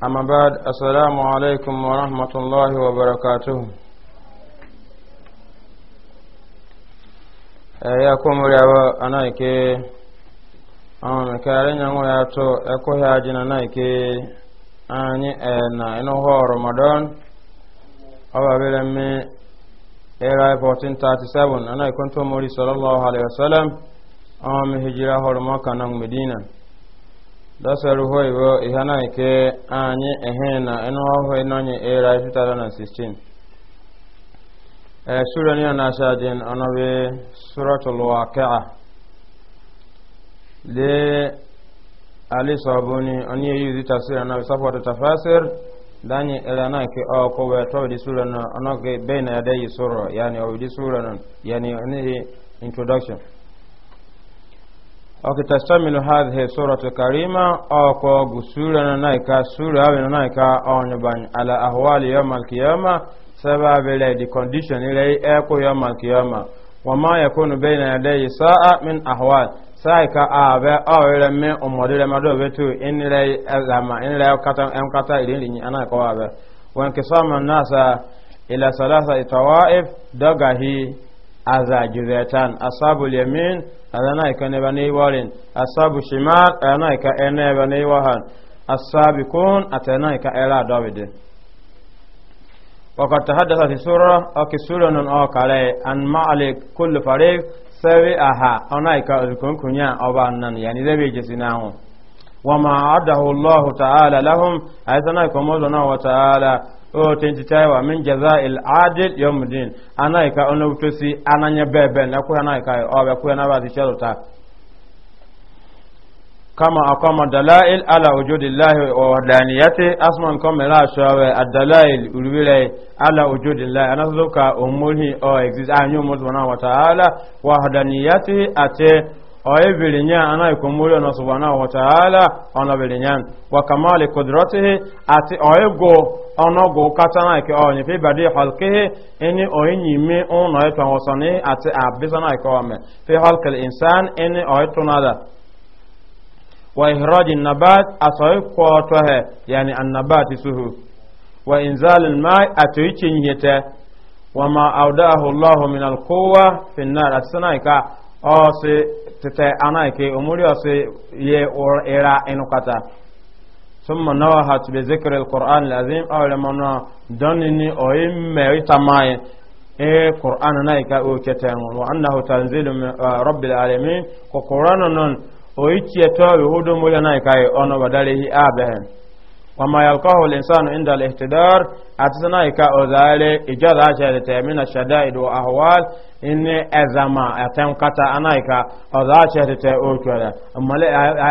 Amabaad alaikum wa rahmatullahi wa barakatuhu e, ya akwamu nri a ana eke ọma na ekendere nyangu yaatuu, ekw'u yaajin ana eke a na enwogha Ramadan ọba abiri na mmiri era 1437 a na-ekwantumuli sallallahu alaihi wa sallam, ọma ma maka na medina Dasaru hoivo ihana ike anyị ehena enu ọhụrụ n'onye era 2016. Ee eh, sura ni ana sajin onobe suratul waqi'a. Le ali sabuni oni yi tafsir na safwa tafasir dani era na ke o ko we to di sura na onoge bena yadai sura yani o di sura non yani oni introduction okitastamilu hadhihi suratu karima okogu surana naika sura awina naika onyobany ala ahwali yawma alkiyama sababile the condition ile eko yawma alkiyama wama yakunu baina yadayi sa'a min ahwal saika abe awire mi umodire madobe tu inile lama inile kata emkata ilinyi anaiko abe wankisama nasa ila salasa itawaif dagahi aza jizatan asabu yamin adana ika ne bane warin asabu shimal adana ika ene bane wahan asabikun atana ika era dawide وقد تحدث في سورة أو كسورة نون أو كالي أن ما عليك كل فريق سوي أها أنا إكا أذكر كنيا أو بأنن يعني ذي بيجسناهم وما عده الله تعالى لهم أيضا كمولنا وتعالى o tenti taiwa min jaza il adil yomudin ana ika ono tosi ananya bebe na kuya na ika o be kuya na ba ti shelota kama akama dalail ala wujudillahi wa wahdaniyati asman kama la shawe ad-dalail ulwilay ala wujudillahi anazuka umulhi o exist anyu mutwana wa ta'ala wahdaniyati ate oye vilinya ana ikomuri ona subhanahu wa ta'ala ona vilinya wa kamali qudratihi ati oye go ona go katana ke onye oh, fi badi halqihi eni oye nyimi ona eto hosani ati abisana ke ome fi halqil insan eni oye tunada wa ihraji nabat asoye ko tohe yani annabati suhu wa inzalil mai atoyi chinyete wa ma audahu allah min alquwa fi an tete ana ke umuri ose ye or era enukata summa nawahat bi zikri alquran alazim aw lamana danni o imme itamaye e qur'an na ka o ketan wa annahu tanzilu min uh, rabbil alamin ko qur'an non o ichi eto hudu mulana ka ono badalehi abahem وما يلقاه الإنسان عند الاهتدار أتسنا إكا أذالي إجاد أشهد تأمين الشدائد وأهوال إن أزما أتم كتا أنا إكا أذا أشهد تأوكولا أما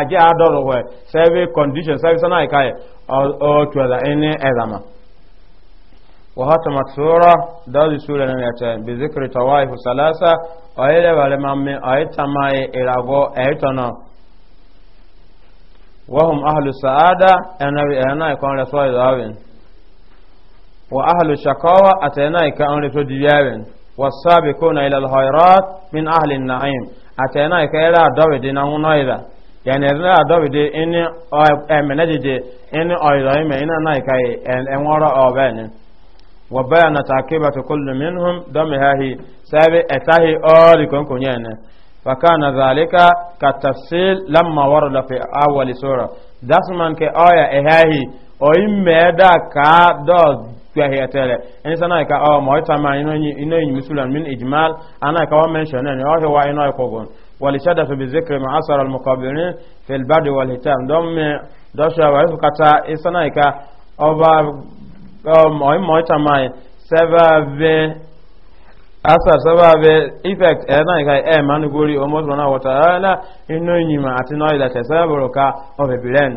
أجي أدور هو سيفي كونديشن سيفي سنا إكا أوكولا إن أزما وهتمت سورة دال سورة نميتين بذكر طوائف ثلاثة وإلى ولمامي أيتما إلى غو أيتنا وهم أهل السعادة أنا أنا يكون رسول داوين وأهل الشقاوة أتينا يكون رسول ديابين والسابقون إلى الخيرات من أهل النعيم أتينا يكون داوين دينا إذا يعني إذا داوين إن أمنجد إن أيضاهم إن أنا يكون أمورا أبين وبيان تعقيبة كل منهم دمها هي سابق أتاهي أولي كونكو يعني وكان ذلك كالتفصيل لما ورد في أول سورة دسمان كي آية إهاهي أي ميدا كا دوز kwehe tele en sana ka o oh, mo tama ino ino yin musulan min ijmal ana ka wa oh, mention ne o oh, wa ino ko gon wal shadaf bi zikri ma asar al muqabirin fil bad wal hitam dom do sha wa fu kata en sana ka o ba o mo mo tama seva ve asar sababe effect e na ga e eh, manu gori o mo eh, na wata ala inu nyima ati no ida tesabro ka o be bilen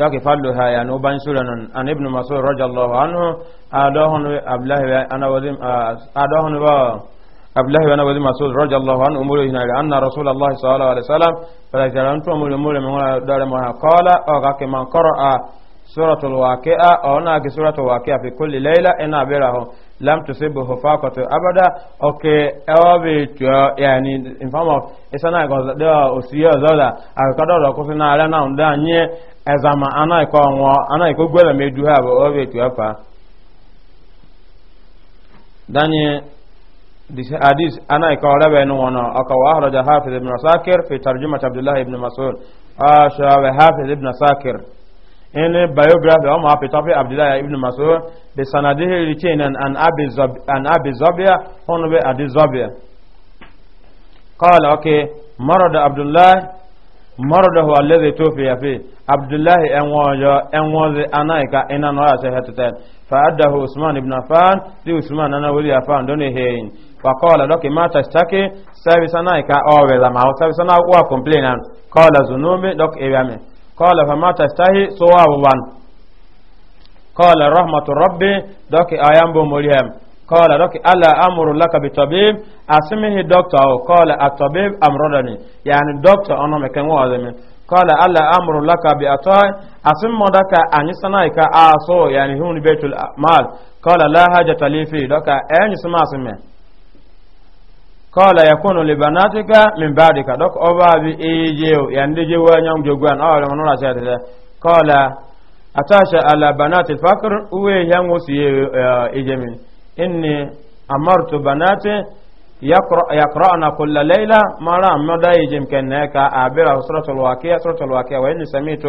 dake fallo ha ya no ban sura nan an ibn mas'ud radiyallahu anhu adahun ablah ana wazim ah, adahun ba ablah ana wazim mas'ud radiyallahu anhu umuru hina anna rasulullah sallallahu alaihi wasallam fala jarantu umuru umuru min dare ma qala o ga ke man qara'a سورة الواقعة أو ناكي سورة الواقعة في كل ليلة إنا بيره لم تصيبه فاقة أبدا أوكي أوبي يعني in form of إسانا يقول ده أسيا زولا أكادو لو كسنا على نام دانية أزما أنا يكون و أنا يكون قولا ميجوها بأوبي تيوفا دانية حديث أنا يقول ربي نوانا أكو أخرج حافظ ابن ساكر في ترجمة عبد الله ابن مسعود آشا وحافظ ابن ساكر in biography ọmọ apẹtọpẹ abdullahi ibn masoud bi sanadihi an abi zobia hunu bi adi zobia kọ́ọ̀lá ọkẹ́ abdullahi mọ́rọ̀dọ̀ wà lẹ́dẹ̀ tó fi abdullahi ẹ̀wọ̀n ọ̀yọ́ ẹ̀wọ̀n ọ̀zẹ̀ anáìka iná náà yà sẹ́hẹ̀ tẹ́tẹ́ fàádáhù usman ibn afan tí usman nana wuli afan dóni hẹ́yìn wàkọ́ọ̀lá قال فما تستهي سوى وان قال رحمة ربي دوك آيام بمريم قال دوك ألا أمر لك بطبيب أسمه دكتور قال الطبيب أمرضني يعني دكتور أنا مكان وعظمي قال ألا أمر لك بأطاع أسم دك أن يصنعك آسو يعني هون بيت المال قال لا حاجة لي فيه دوك أين سمع سمه kọ́ọ̀lá yakunu libanatika min baadika dọ́kọ̀ ọba bi eyejewo yandeje wa nyam jogoan awa ah, lọ́mọ nọ́ra sẹ́yà tẹ́tẹ́ kọ́ọ̀lá atasha ala banati fakr uwe yango si ejemin eh, eh, inni amartu banati يقرأنا كل ليلة مرة مدى يجم كنك أعبر سورة الواقعة سورة الواقعة وإن سمعت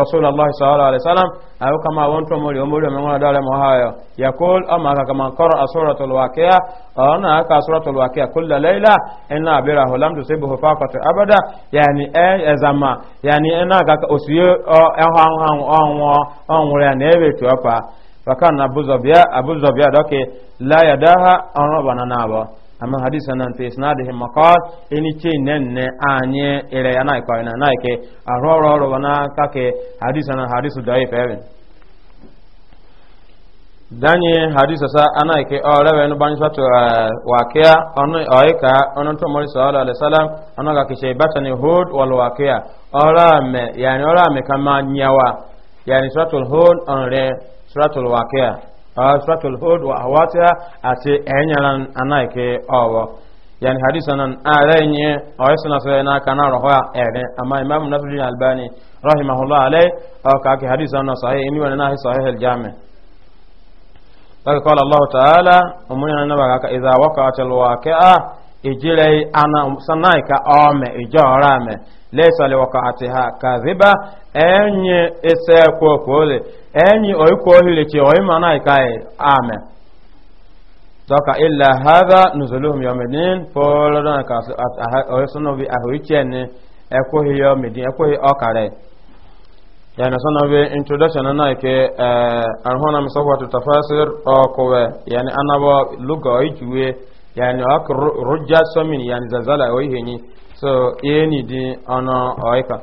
رسول الله صلى الله عليه وسلم أو كما وانت مولي أمولي من ولا دولة مهاية يقول أما كما قرأ سورة الواقعة أنا أكا سورة الواقعة كل ليلة إن أعبره لم تصيبه فاقة أبدا يعني أي أزما يعني أنا كا أسيو أهان أهان أهان أهان أهان فكان أبو زبيا أبو زبيا دوكي لا يداها أنا بنانا amma hadisan nan fi isnadihim maqal ini ce nan ne anye ire yana ko ina na ke aroro ah, ro wana kake hadisan nan hadisu daif even danye hadisa sa ana ke o oh, rewe no banso to eh, wakia ono oika oh, ono to mori sallallahu alaihi wasallam ono ga ke shebata ni hud wal wakia ora me yani ora me kama nyawa yani suratul hud ono suratul wakia Uh, suratul hud wa awatiha ati enyalan anaike owo yani hadisa nan arenye oyesna so na kana roho ere ama imam nasruddin albani rahimahullah alay o ka ke hadisa nan sahih imi wana nahi sahih al jami qala allah ta'ala umuna nan ba ka idha waqa'at al waqi'a ejire ana sanai ka ome ijo ora me lesa le waka ati ha kaziba enye ese ko ko le enyi oy ko hile ti oy manai ka e ame toka illa hadha nuzuluhum yawmidin folan ka oy suno bi ahwiche ne eko hi yawmidin eko hi okare yana sana bi introduction na ke eh, arhona misafatu tafasir o kowe yani anabo lugo ijuwe yani ok rujja somin yani zazala o hini so yeni di ana oika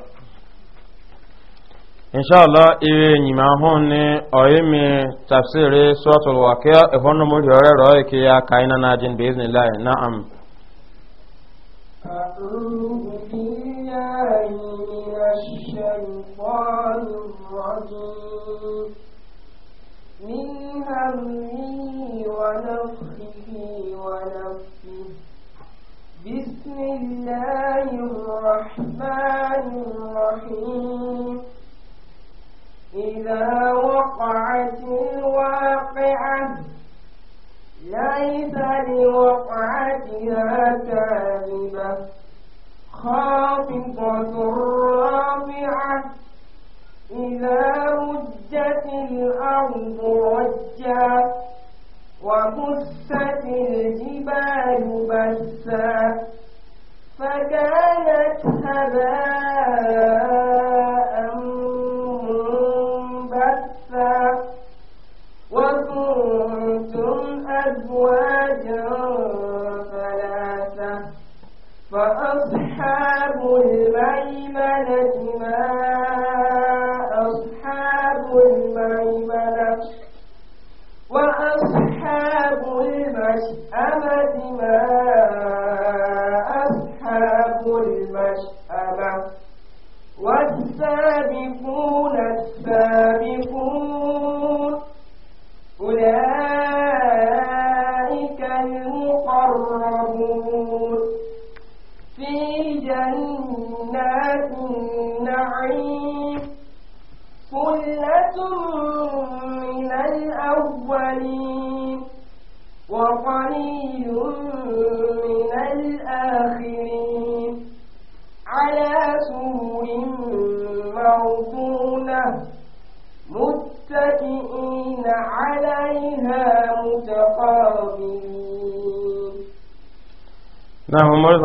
inshallah iwe ni ma hon ni oyimi tafsiri suratul waqi'a ihono mo yore ro ke ya kaina na jin biiznillah na'am أعوذ بالله من الشيطان الرجيم من همه ونفخه ونفسه بسم الله الرحمن الرحيم إذا وقعت الواقعة ليس لوقعتها كاذبة خافضة رافعة إذا رجت الأرض رجا وبست الجبال بسا فكانت هباء منبثا وكنتم أزواجا ثلاثة فأصحاب الميمنة ما أصحاب الميمنة وأصحاب المشأمة ما أصحاب المشأمة والسابقون السابقون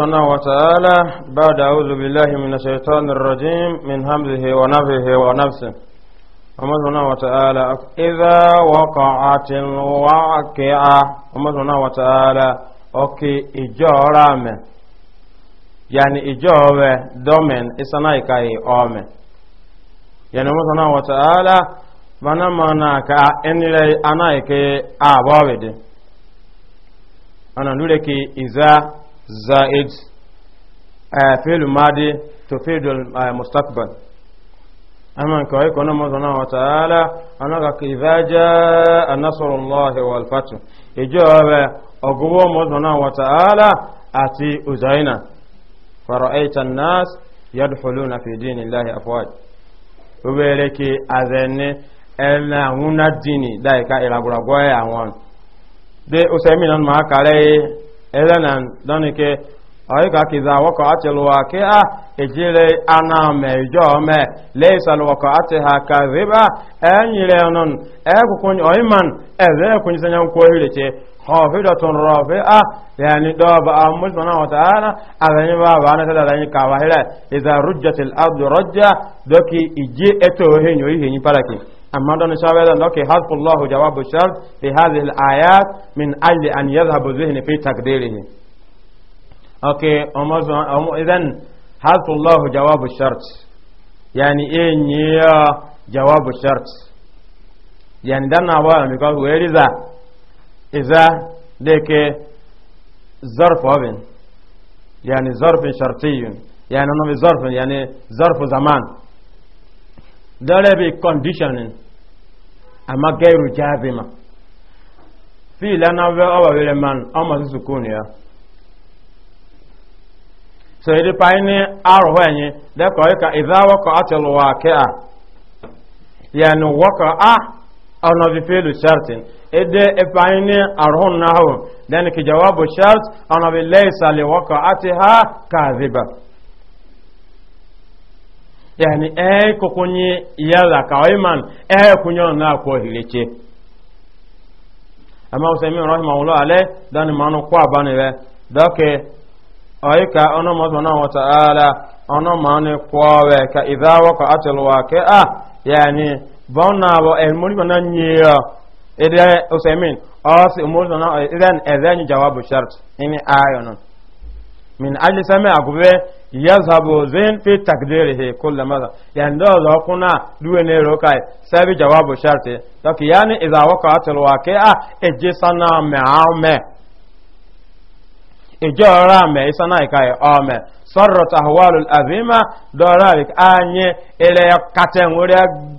سبحانه وتعالى بعد أعوذ بالله من الشيطان الرجيم من همزه ونفه ونفسه أما سبحانه وتعالى إذا وقعت الواقعة أما سبحانه وتعالى أوكي إجارة يعني إجارة دومن إسنايكاي أومن يعني وما سبحانه وتعالى manamana ka أنا كي أبوي ana nure ke iza زائد فعل ماضي تفيد المستقبل أما كوي كنا مزنا وتعالى أنا إذا جاء نصر الله والفتح إجابة أقوى مزنا وتعالى أتي أزينا فرأيت الناس يدخلون في دين الله أفواج وبرك أذن أنا هنا ديني دايكا إلى غرغوية أوان دي أسامي نما كالي ezenan donike oyika kiza wako ati luwake a ah, ejire ana me jo me leisa luwako ati ha ka riba enyire onon ekukun oiman eze kunyi sanya ko hirece hofidatun rofi a ah, yani doba a ah, musmana wa ta'ala abani ba ba na tada ni kawahira iza rujjatil ardu rajja doki ije eto henyo yi henyi palaki أما أن الشعب يقول دوكي حذف الله جواب الشرط في هذه الآيات من أجل أن يذهب الذهن في تقديره أوكي إذن حذف الله جواب الشرط يعني إيه جواب الشرط يعني دعنا أولا because where is إذا ديك ظرف أبن يعني ظرف شرطي يعني أنه ظرف يعني ظرف زمان ده conditioning amma gairu jazima fi'ila na ve awa wele man amma su sukun ya so yi pa ni aro henyi de ko ka idha waqa atil waqi'a yani waqa ona vi fi'lu shartin ede e ni arhun nahu dan ki jawabu shart ona vi leisa li waqa'atiha kadhiba yani ee kokonye yala kawaiman ee kunyon na ko hilice amma usaimi rahimahullah ale dan manu kwa bani be doke oyika ono mo subhanahu wa ta'ala ono manu kwa we ka idha waqa atil waqi'a yani bonna bo el muri bana nyiya ede usaimin asi umur sana idan edan jawabu shart ini ayonon min ajli sami agube yazhabu zin fi he kulla mara yani do zo kuna duwe ne rokai sabi jawabu sharti donc yani idha waqa'at al a ejje sana me ame ejo ra me isana ikai ame sọ̀rọ̀ tàwọ́lù àbímá dọ́rọ̀ àrík ányé ilẹ̀ kàtẹ̀ nwere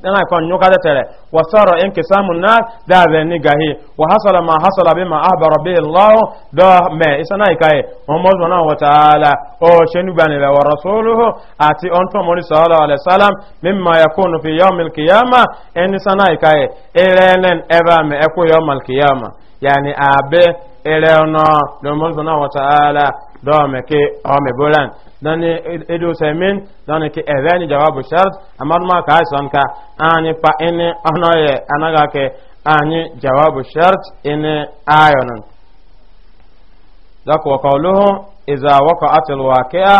ẹ̀nà ìkọ̀ nyúkà tẹ̀tẹ̀rẹ̀ wà sọ̀rọ̀ ẹnkì sáàmù náà dáàbẹ̀ ní gàhí wà hásọ̀lọ̀ ma hásọ̀lọ̀ bí ma àbàrọ̀ bí lọ́rùn dọ́ mẹ́ ìsáná ìkáyẹ̀ wọn mọ́ sọ̀nà tààlà ó ṣe nígbà nílẹ̀ rasúlùhù àti ọ̀ntún mọ́rí sọ̀rọ̀ alẹ́ sálám mímọ̀ ẹ̀kọ́ nù fi yọ́ milkiyama ẹni sáná ìkáyẹ̀ ẹrẹ́nẹ́n ẹbà mẹ́ ẹkú yọ́ milkiyama yàní àbẹ́ ẹrẹ́ ọ̀nà lọ́mọ́sọ̀nà wọ̀ tààlà dɔwɔmɛ ke ɔmɛ bolan dani edo sɛmin dani ke ɛvɛ ni jawabu shart amaduma kaa sɔn ka ani pa ini ɔnɔ yɛ anaga ke ani jawabu shart ini ayɔnun dɔkɔ kɔluhu iza wɔkɔ atulu wakea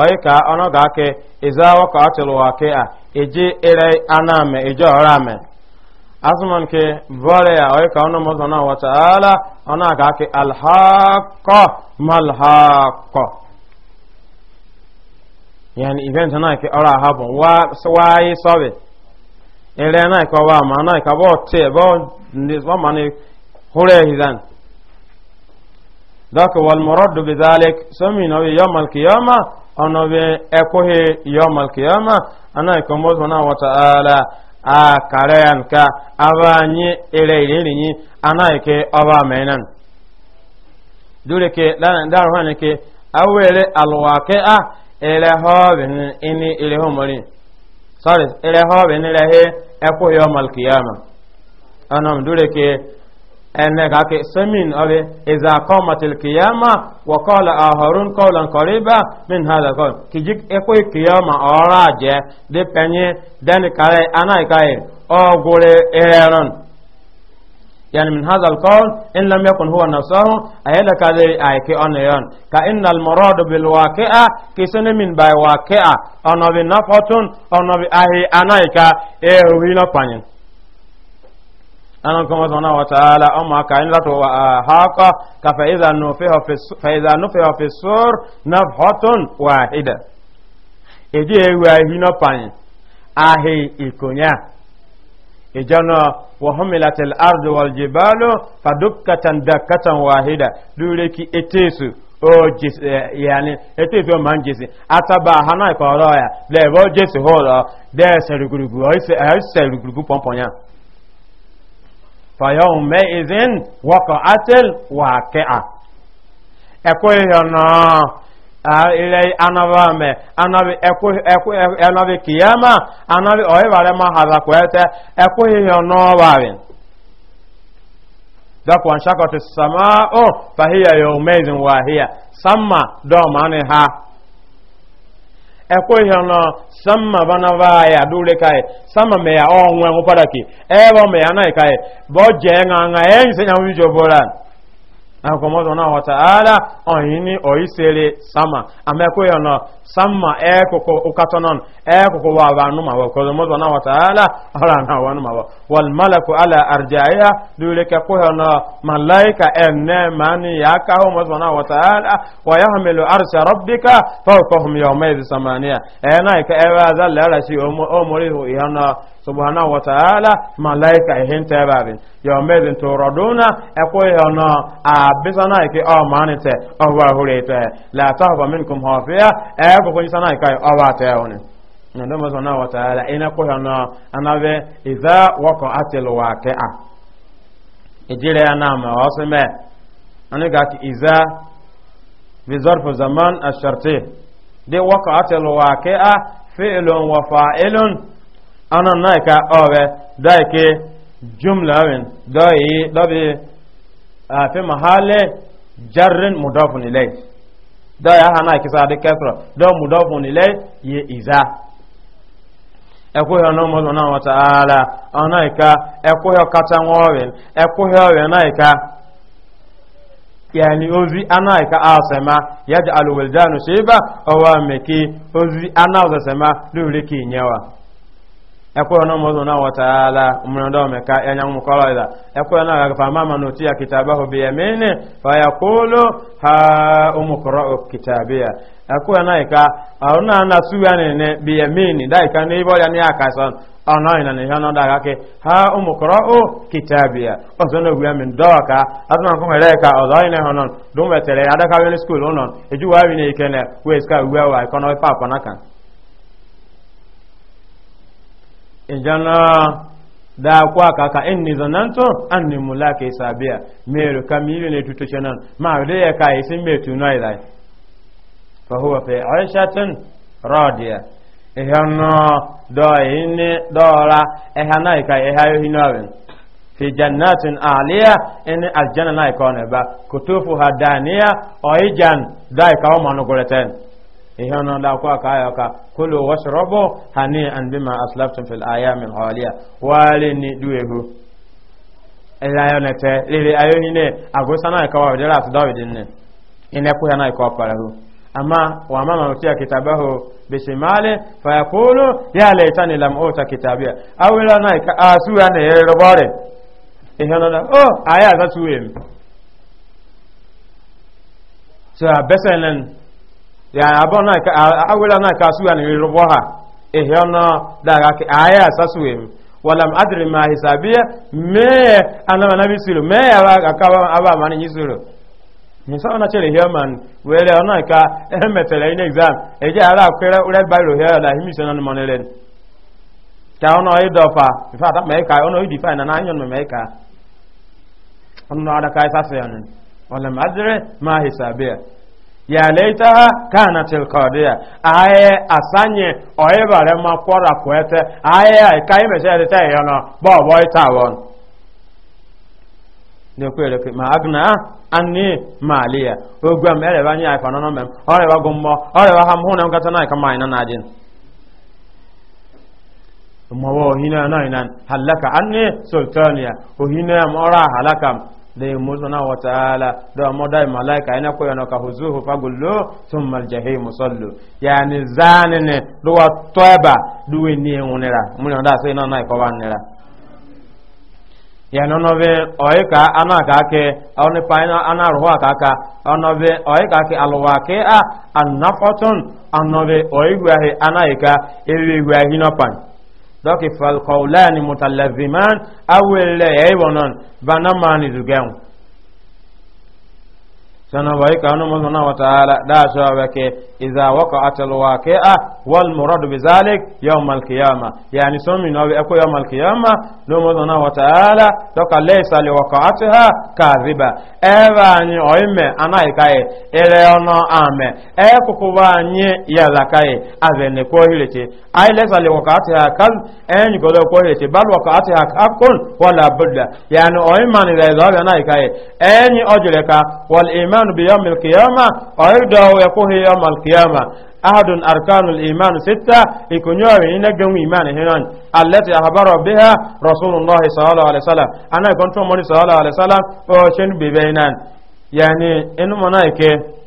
ɔyi ka ɔnɔ gaa ke iza wɔkɔ atulu wakea eji ere anamɛ eji ɔrɔ asuman ke bore ya oy ka onon mozona wa ta'ala ona ka ke al haqqo mal haqqo yani event na ke ora habo wa swai sobe ele na ko wa ma na ka bo te bo nis wa mani hore hidan dak wal murad bi zalik sami no yawm al qiyama ono be ekohe yawm al qiyama ana ko mozona wa ta'ala a kare ya karayan ka anyị ere irinyi anaike oba menan dure ke dan daru hane ke awere alwake a ere hobin ini ere homori sorry ere hobin ere he ekuyo mal qiyamah anam dure ke ene ga ke samin abe iza qamatil qiyama wa qala aharun qawlan qariba min hada qawl kijik eko qiyama oraje de penye den kare anai kai o gore eran yani min hada alqawl in lam yakun huwa nafsuhu ayala ka de ay ke onayon ka innal murad bil waqi'a ki sanin min bai waqi'a onobi nafatun onobi ahi anai ka e huwina anan kuma subhanahu wa ta'ala amma ka in lato wa ah, haqa ka fa idza nufiha fi fa idza nufiha fi sur nafhatun wahida eji ewa hino pan ahe ikonya ejana wa humilatil ardu wal jibalu fadukkatan dakkatan wahida dure ki etesu o jesi eh, yani etesu man jesi ataba hana ikoro ya lebo jesi holo de serigurugu o ise serigurugu pomponya فيومئذ وقعت الواقعة أكوي هنا ilẹ̀ anaba mẹ anabi ẹkú anabi kìyàmà anabi ọ̀yẹ́bàrẹ́ máa hazakọ̀ ẹ̀tẹ́ ẹkú yíyan náà wà rìn. dọ́kọ̀ ó fàhíyà yóò wà híyà sàmà dọ́ọ̀mà ha. ekweghị ọnụ sama banaba ya dole kai sama me ya ọnwụ enwụ padaki ebe ọ me ya anaghị kai bụ ọ jee ṅa ṅa ya enyi senya nwunye akwụkwọ na wataala ọyịnị ọyịsere sama amekwe ya na sama ekoko ukatonon ekoko wa wanu mawa kozo mọzọ na wataala ọra na wanu mawa wal malaku ala arjaiha dule ke ko na malaika enne mani ya ka ho mọzọ na wataala wa yahmilu arsha rabbika fawqahum yawma idh samaniya ena ka ewa za la rashi o mori ho ihana subhanahu wa ta'ala malaika ihin tebabin yau mezin turaduna akwai yana a bisa na ike o mani te o wa hure te la tahba minkum hafiya e ko kun sana kai o wa te woni ndo mo sana wa ta'ala ina ko yana anabe idza waqa'atil waqi'a ejire ana ma wasme ani ga ki idza bi zarf zaman ash-sharti de waqa'atil waqi'a fi'lun wa fa'ilun ana na ka daike dai ke jumla wen dai jarrin ya hana sa da kasra da mudafun ilai ye iza ekwuhio n'ụmụ ụzọ na ọ na-eka ekwuhio nwa ọrịa ekwuhio ọrịa na yani ozi anaika asema shiba meki ozi sema ekweghị na ụmụzụ na wataala mmiri ndị omeka enyanwụ mkọrọ ịda ekweghị na agafa mama na otu ya kitaba ahụ biya mene faya kolo ha ụmụkọrọ kitabi ya ekweghị na ika ọrụ na na su ya nene biya mene da ika na ibe ọya na ya kasa ọnọghị na ihe ọnọdụ aka ke ha ụmụkọrọ o kitabi ya ọzọ na ogwu ya min dọọ ka na nkụ nwere ka ọzọ ọyị na ịhụ nọ dụ mwetere ya adaka wele skuul ụnọ ejuwa wi na ike na wee ska uwe wa ikọ na ife apanakan ijana da kwa kaka in ni zananto an ni mulaka isabiya meru kamilu ne tuto kenan ma da ya kai sun me tuna ila fa huwa fi aishatin radiya ihana da yin dora ehana ikai ehayo hinawin fi jannatin aliya in aljanna na ikone ba kutufu hadaniya oijan da ikawo manugureten ihana da kwa kaya ka kulu washrabu hani an bima aslaftum fil ayami haliya wale ni duehu ila yonete lili hine agusa na ikawa dira as david ne ina ku yana ikawa parahu amma wa mama utia kitabahu bishimale fa yaqulu ya laitani lam uta kitabia aw ila na ka asu yana yerobare ihana da oh aya za tuwe so abesen ya abọ na ka awela na ka suwa ni rubo ha ehiono daga ke aya sasuwe walam adri ma hisabiya me anama na bisiru me aba ka aba mani nyisiru ni sawa na chere human wele ona ka emetele in exam eje ara akwere ure bairo here na himi sona no monelen ta idofa in fact me ka ono idifine na anyon me ka ono ada ka sasuwe ni adri ma ya leitaha kanatil qadiya aye asanye oyebare ma kwora kwete aye kai mesere te yono bo boy tawon ne kwere ke ma agna anni maliya ogwa mere banye ay fanono mem ore wa gummo ore wa ham hunam katana ka mai na najin mo wo hina na ina halaka anni sultaniya o hina halaka. de na wa ta'ala da modai malaika ina ko yana ka huzuhu fagullo thumma aljahim sallu yani zanene do wa toba ni enunira mun da sai na na ko banira ya nono be oika ana ka ke oni paina ana ruwa ka ka ono aka oika ke alwa ke a anafotun anobe oigwa he anaika ewe gwa hinopan dɔki falkɔwulaani mutalaziman awele ɛyibɔnɔn banamaani zugɛn sana bai ka no mona wa taala da so wa ke iza waqa'at al waqi'a wal murad bi zalik yawm al qiyama yani so mi no e ko yawm al qiyama no mona wa taala to ka laysa li waqa'atiha kadhiba eva ni oime anai kai ele ono ame e ko ko ba ni ya zakai azene ko hilete ai laysa li waqa'atiha kal en go do ko hilete bal waqa'atiha hakun wala budda yani oime ni da zo anai kai en ojure ka wal iman الإيمان بيوم القيامة ويبدأ يقول يوم القيامة أحد أركان الإيمان ستة يكون يوم ينجم إيمان هنا التي أخبر بها رسول الله صلى الله عليه وسلم أنا كنت مولي صلى الله عليه وسلم وشن ببينان يعني إنما نايكي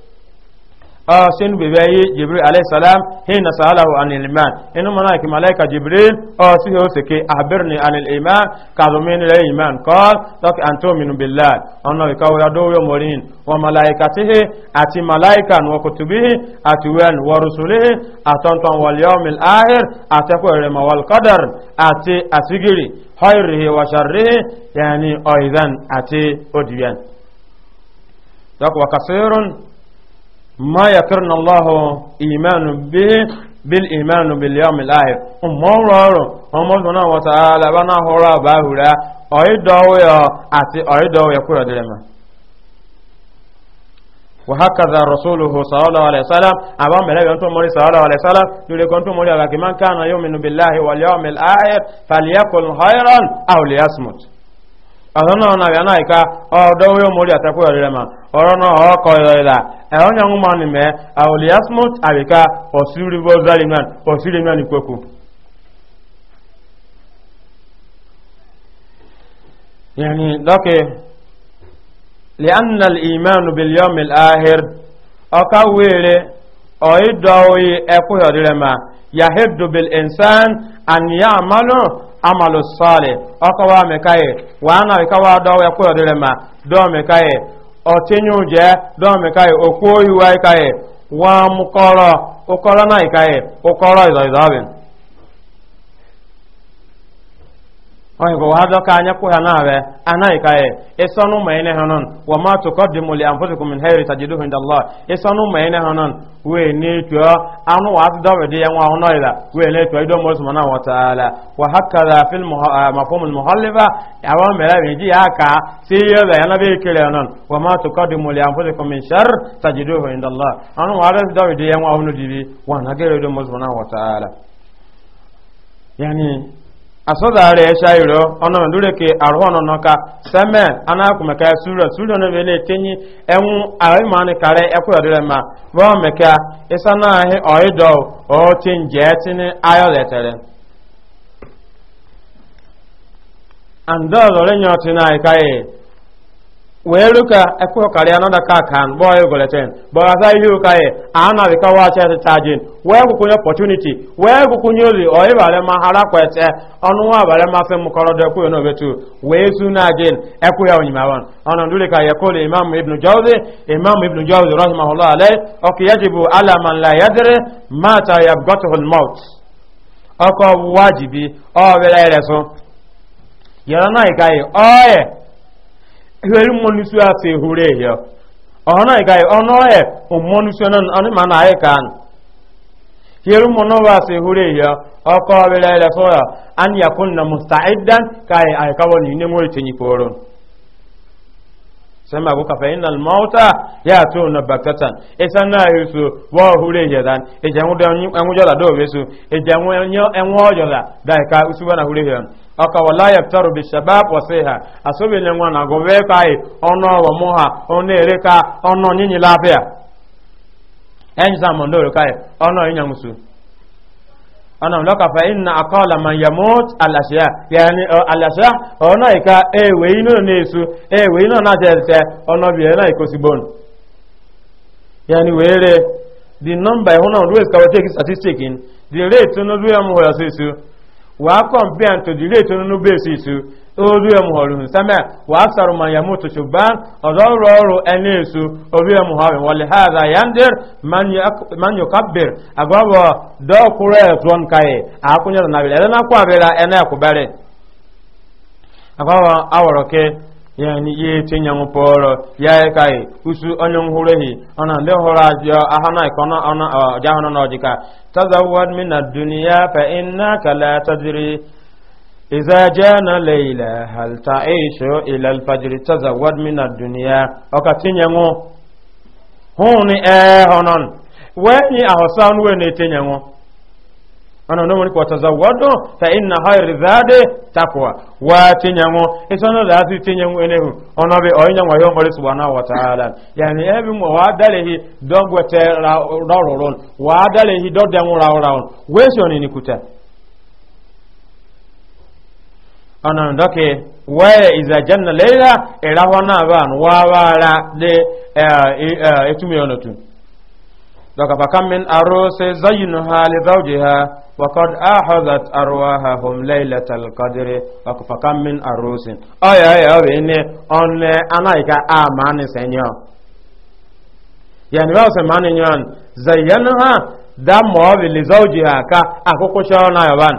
sinu bebe yi jibril alayhi salam hin salahu anil iman inu mana ki malaika jibril o si ho se ke ahbirni anil iman ka do min le iman ko tok anto min billah ono ka wa do yo morin wa malaikatihi ati malaika wa kutubihi ati wan wa rusulihi atonton wal yawmil akhir atako re mawal qadar ati asigiri khairihi wa sharrihi yani oidan ati odiyan tok wa kasirun ما يقرن الله إيمان به بالإيمان باليوم الآخر أمور أمور سبحانه وتعالى بنا هورا باهورا أيدو يا أتي أيدو يا كورا دلما وهكذا رسوله صلى الله عليه وسلم أبا ملاي أنتم مولي صلى الله عليه وسلم يقول كنتم مولي من كان يؤمن بالله واليوم الآخر فليقل خيرا أو ليصمت ọ̀rọ̀ náà nàbí anáìka ọ̀dọ́ wíwọ́ mórí àtẹ́kù ọ̀rẹ́ rẹ̀ mà ọ̀rọ̀ náà ọkọ̀ ìrọ̀lá ẹ̀họ́n yẹn ń mọ̀ ní mẹ́ àwòlíyásmọ́t àríká ọ̀sírí bọ́ọ̀dálímán ọ̀sírí mẹ́rin ìkókò. yẹni lọ́kẹ́ liannal imanu biliyomil ahir ọ̀ka wéere ọ̀yídọ̀ọ́yì ẹ̀kú ọ̀rẹ́ rẹ̀ mà yahedu bil insan àníyàn mọ́lọ́ amalu sọọlị ọkọ wa mekaye wa ana wika wa dọwa kwe ọdịrị ma dọọ mekaye ọtinyu jẹ dọọ mekaye okwu oyi wa ikaye wa mukọrọ ụkọrọ na ika ikaye ụkọrọ ịzọ ịzọ ọbịa oyin ko wahado ka anya ko hana we ana ikaye esonu mayne hanon wa ma tuqaddimu li anfusikum min khairin tajiduhu inda Allah esonu mayne hanon we ne to anu wa do we de yan wa ono ila we ne to ido mo subhanahu wa ta'ala wa hakala fil ah, mafhum al muhallifa awa mera we ji aka si yo be yana be kire hanon wa ma tuqaddimu li anfusikum min shar tajiduhu inda Allah anu wa do we de yan wa ono dibi wa na gere do mo subhanahu wa ta'ala yani asọdara esha iro ọnọ ndure ke arụ ọnọ ka seme anakumeka sura sura na bele tenyi enwu arimani kare ekwodire ma bo meka isana ahi oido o tinje tini ayo letere ando lore nyotina ikaye wee ka ekweghị karịa nọ ka kan bọọ egoleten bọgasa ihe ụka a na bika wacha chajin wee gwụkwunye opportunity wee gwụkwunye ozi oibare ma hara kwete ọnụnwa abare ma fe mụkọrọ dị wee zu na ya ka imam ibn imam ibn ọkụ ya bụ ala man la mata ya wajibi ọ yọrọ weri mmọnusu asị hụrụ ehio ọhụrụ ịga ọnụ ọhịa ọnụ ma na asị hụrụ ehio ọkọ ọbịla ịla sọya anyị akụ na musta'idan ka anyị aikawo ni ne nwere tinyi koro sẹ́mi àbúkà fẹ̀yìn náà mọ́ta yàtọ̀ ọ̀nà bàtàtà ẹ̀sà náà so ọka wala yaftaru bi shabab wasiha asobele ngwana go be kai ono wa moha ono ere ka ono nyinyi lafiya en zaman do kai ono yinya musu ana loka fa inna aqala man yamut al asya yani al asya ono ika ewe ino nesu ewe ino na tete ono bi na ikosibon yani were the number hono always ka wote statistics in the rate no do am hoya sesu wa compare to the rate nínú bẹ́ẹ̀sì ìṣú orí ẹmùhọ̀rùn sẹ́mẹ̀ wa sọ̀rọ̀ ma yàmú tó ṣùgbọ́n ọ̀dọ́ rọrùn ẹni èṣù orí ẹmùhọ̀rùn wọlé hàzà yandir manukabir agbọ́bọ̀ dọ́kúrẹ́ ẹ̀tọ́ nkaye àkúnyẹ̀rọ̀ nàbẹ̀rẹ̀ ẹ̀dẹ́nàkú àbẹ̀rẹ̀ ẹ̀nà ẹ̀kú bẹ̀rẹ̀ agbọ́bọ̀ awọ̀rọ̀kẹ́ yani ye tinya ngoporo ya e kai usu onyon hurehi ona le horajo ahana ikona ona jahana nojika tazawwad min ad-dunya fa innaka la tadri إذا جانا ليلة هل تعيش إلى الفجر تزود من الدنيا أكتنيمو هون إيه هونون وين ana nomoni kwa tazawado fa inna hayri zade takwa wa tinyango isono la su enehu ono be oyinya ngwa yo mole subhanahu wa ta'ala yani ebi mo wa dalehi dogwe te ra wa dalehi dodde mo ra wesho ni nikuta ana iza janna ban wa wala de eh, eh, eh, daga fakan min aro sai zayyinu hali zaujiha wa qad ahazat arwahahum lailatal qadr wa fakan min arusin aya ya we ne onne anaika amani senyo yani wa se mani nyan zayyanha da mo bi li zaujiha ka akoko shona yaban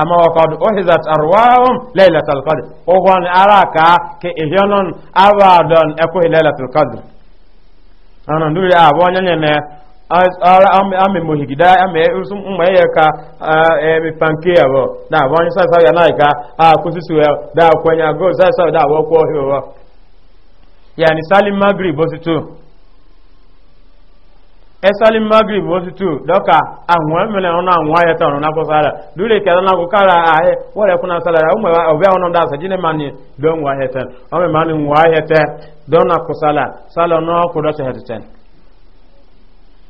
amma wa qad ahazat arwahum lailatal qadr o wan araka ke ihyanon abadan eko lailatul qadr ana nduri abonye ah, ne ame mohigida ame usu mma ya ka eme panke ya bo na bo nyi sasa ya naika a kusisu ya da kwanya go sasa da wo kwa ya wo yani salim maghrib ositu e salim maghrib ositu doka anwa mele ona anwa ya tanu na kosala dule ke na kokala a he le kuna sala ya umma obi ono da sajine mani don wa heten o me mani wa ta don na kosala sala no ko do heten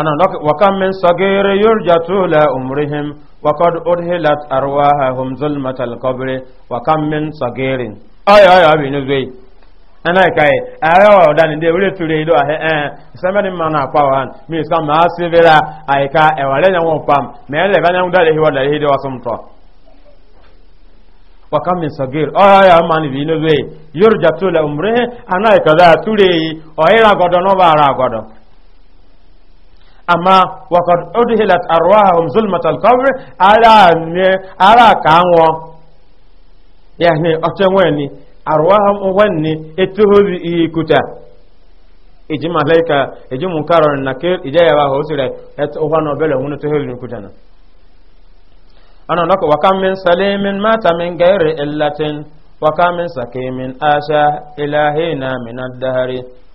ana nok wakam min sagir yurjatu la umrihim wa qad udhilat arwahahum zulmatal qabri wa kam min sagirin ay ay abi ne zai ana kai ayo oh, dan de wure ture do ahe eh samedi mana kwa wan mi sa ma sivira ay ka e wale nya won pam me le ba nya ndale hi wala hi de wasum to wa kam min sagir ay ay mani bi ne zai yurjatu la umrihi ana kada ture o oh, ira godo no ba ara godo amma wakad udhilat arwahum zulmat al-qabr ala ne ala kanwo yani otenweni arwahum wanni ni ikuta eji malaika eji munkaron nakir ijayawa hosire et ohwana obele hunu na ana nako wakam min salimin mata min gairi illatin wakam min sakimin asha ilahina min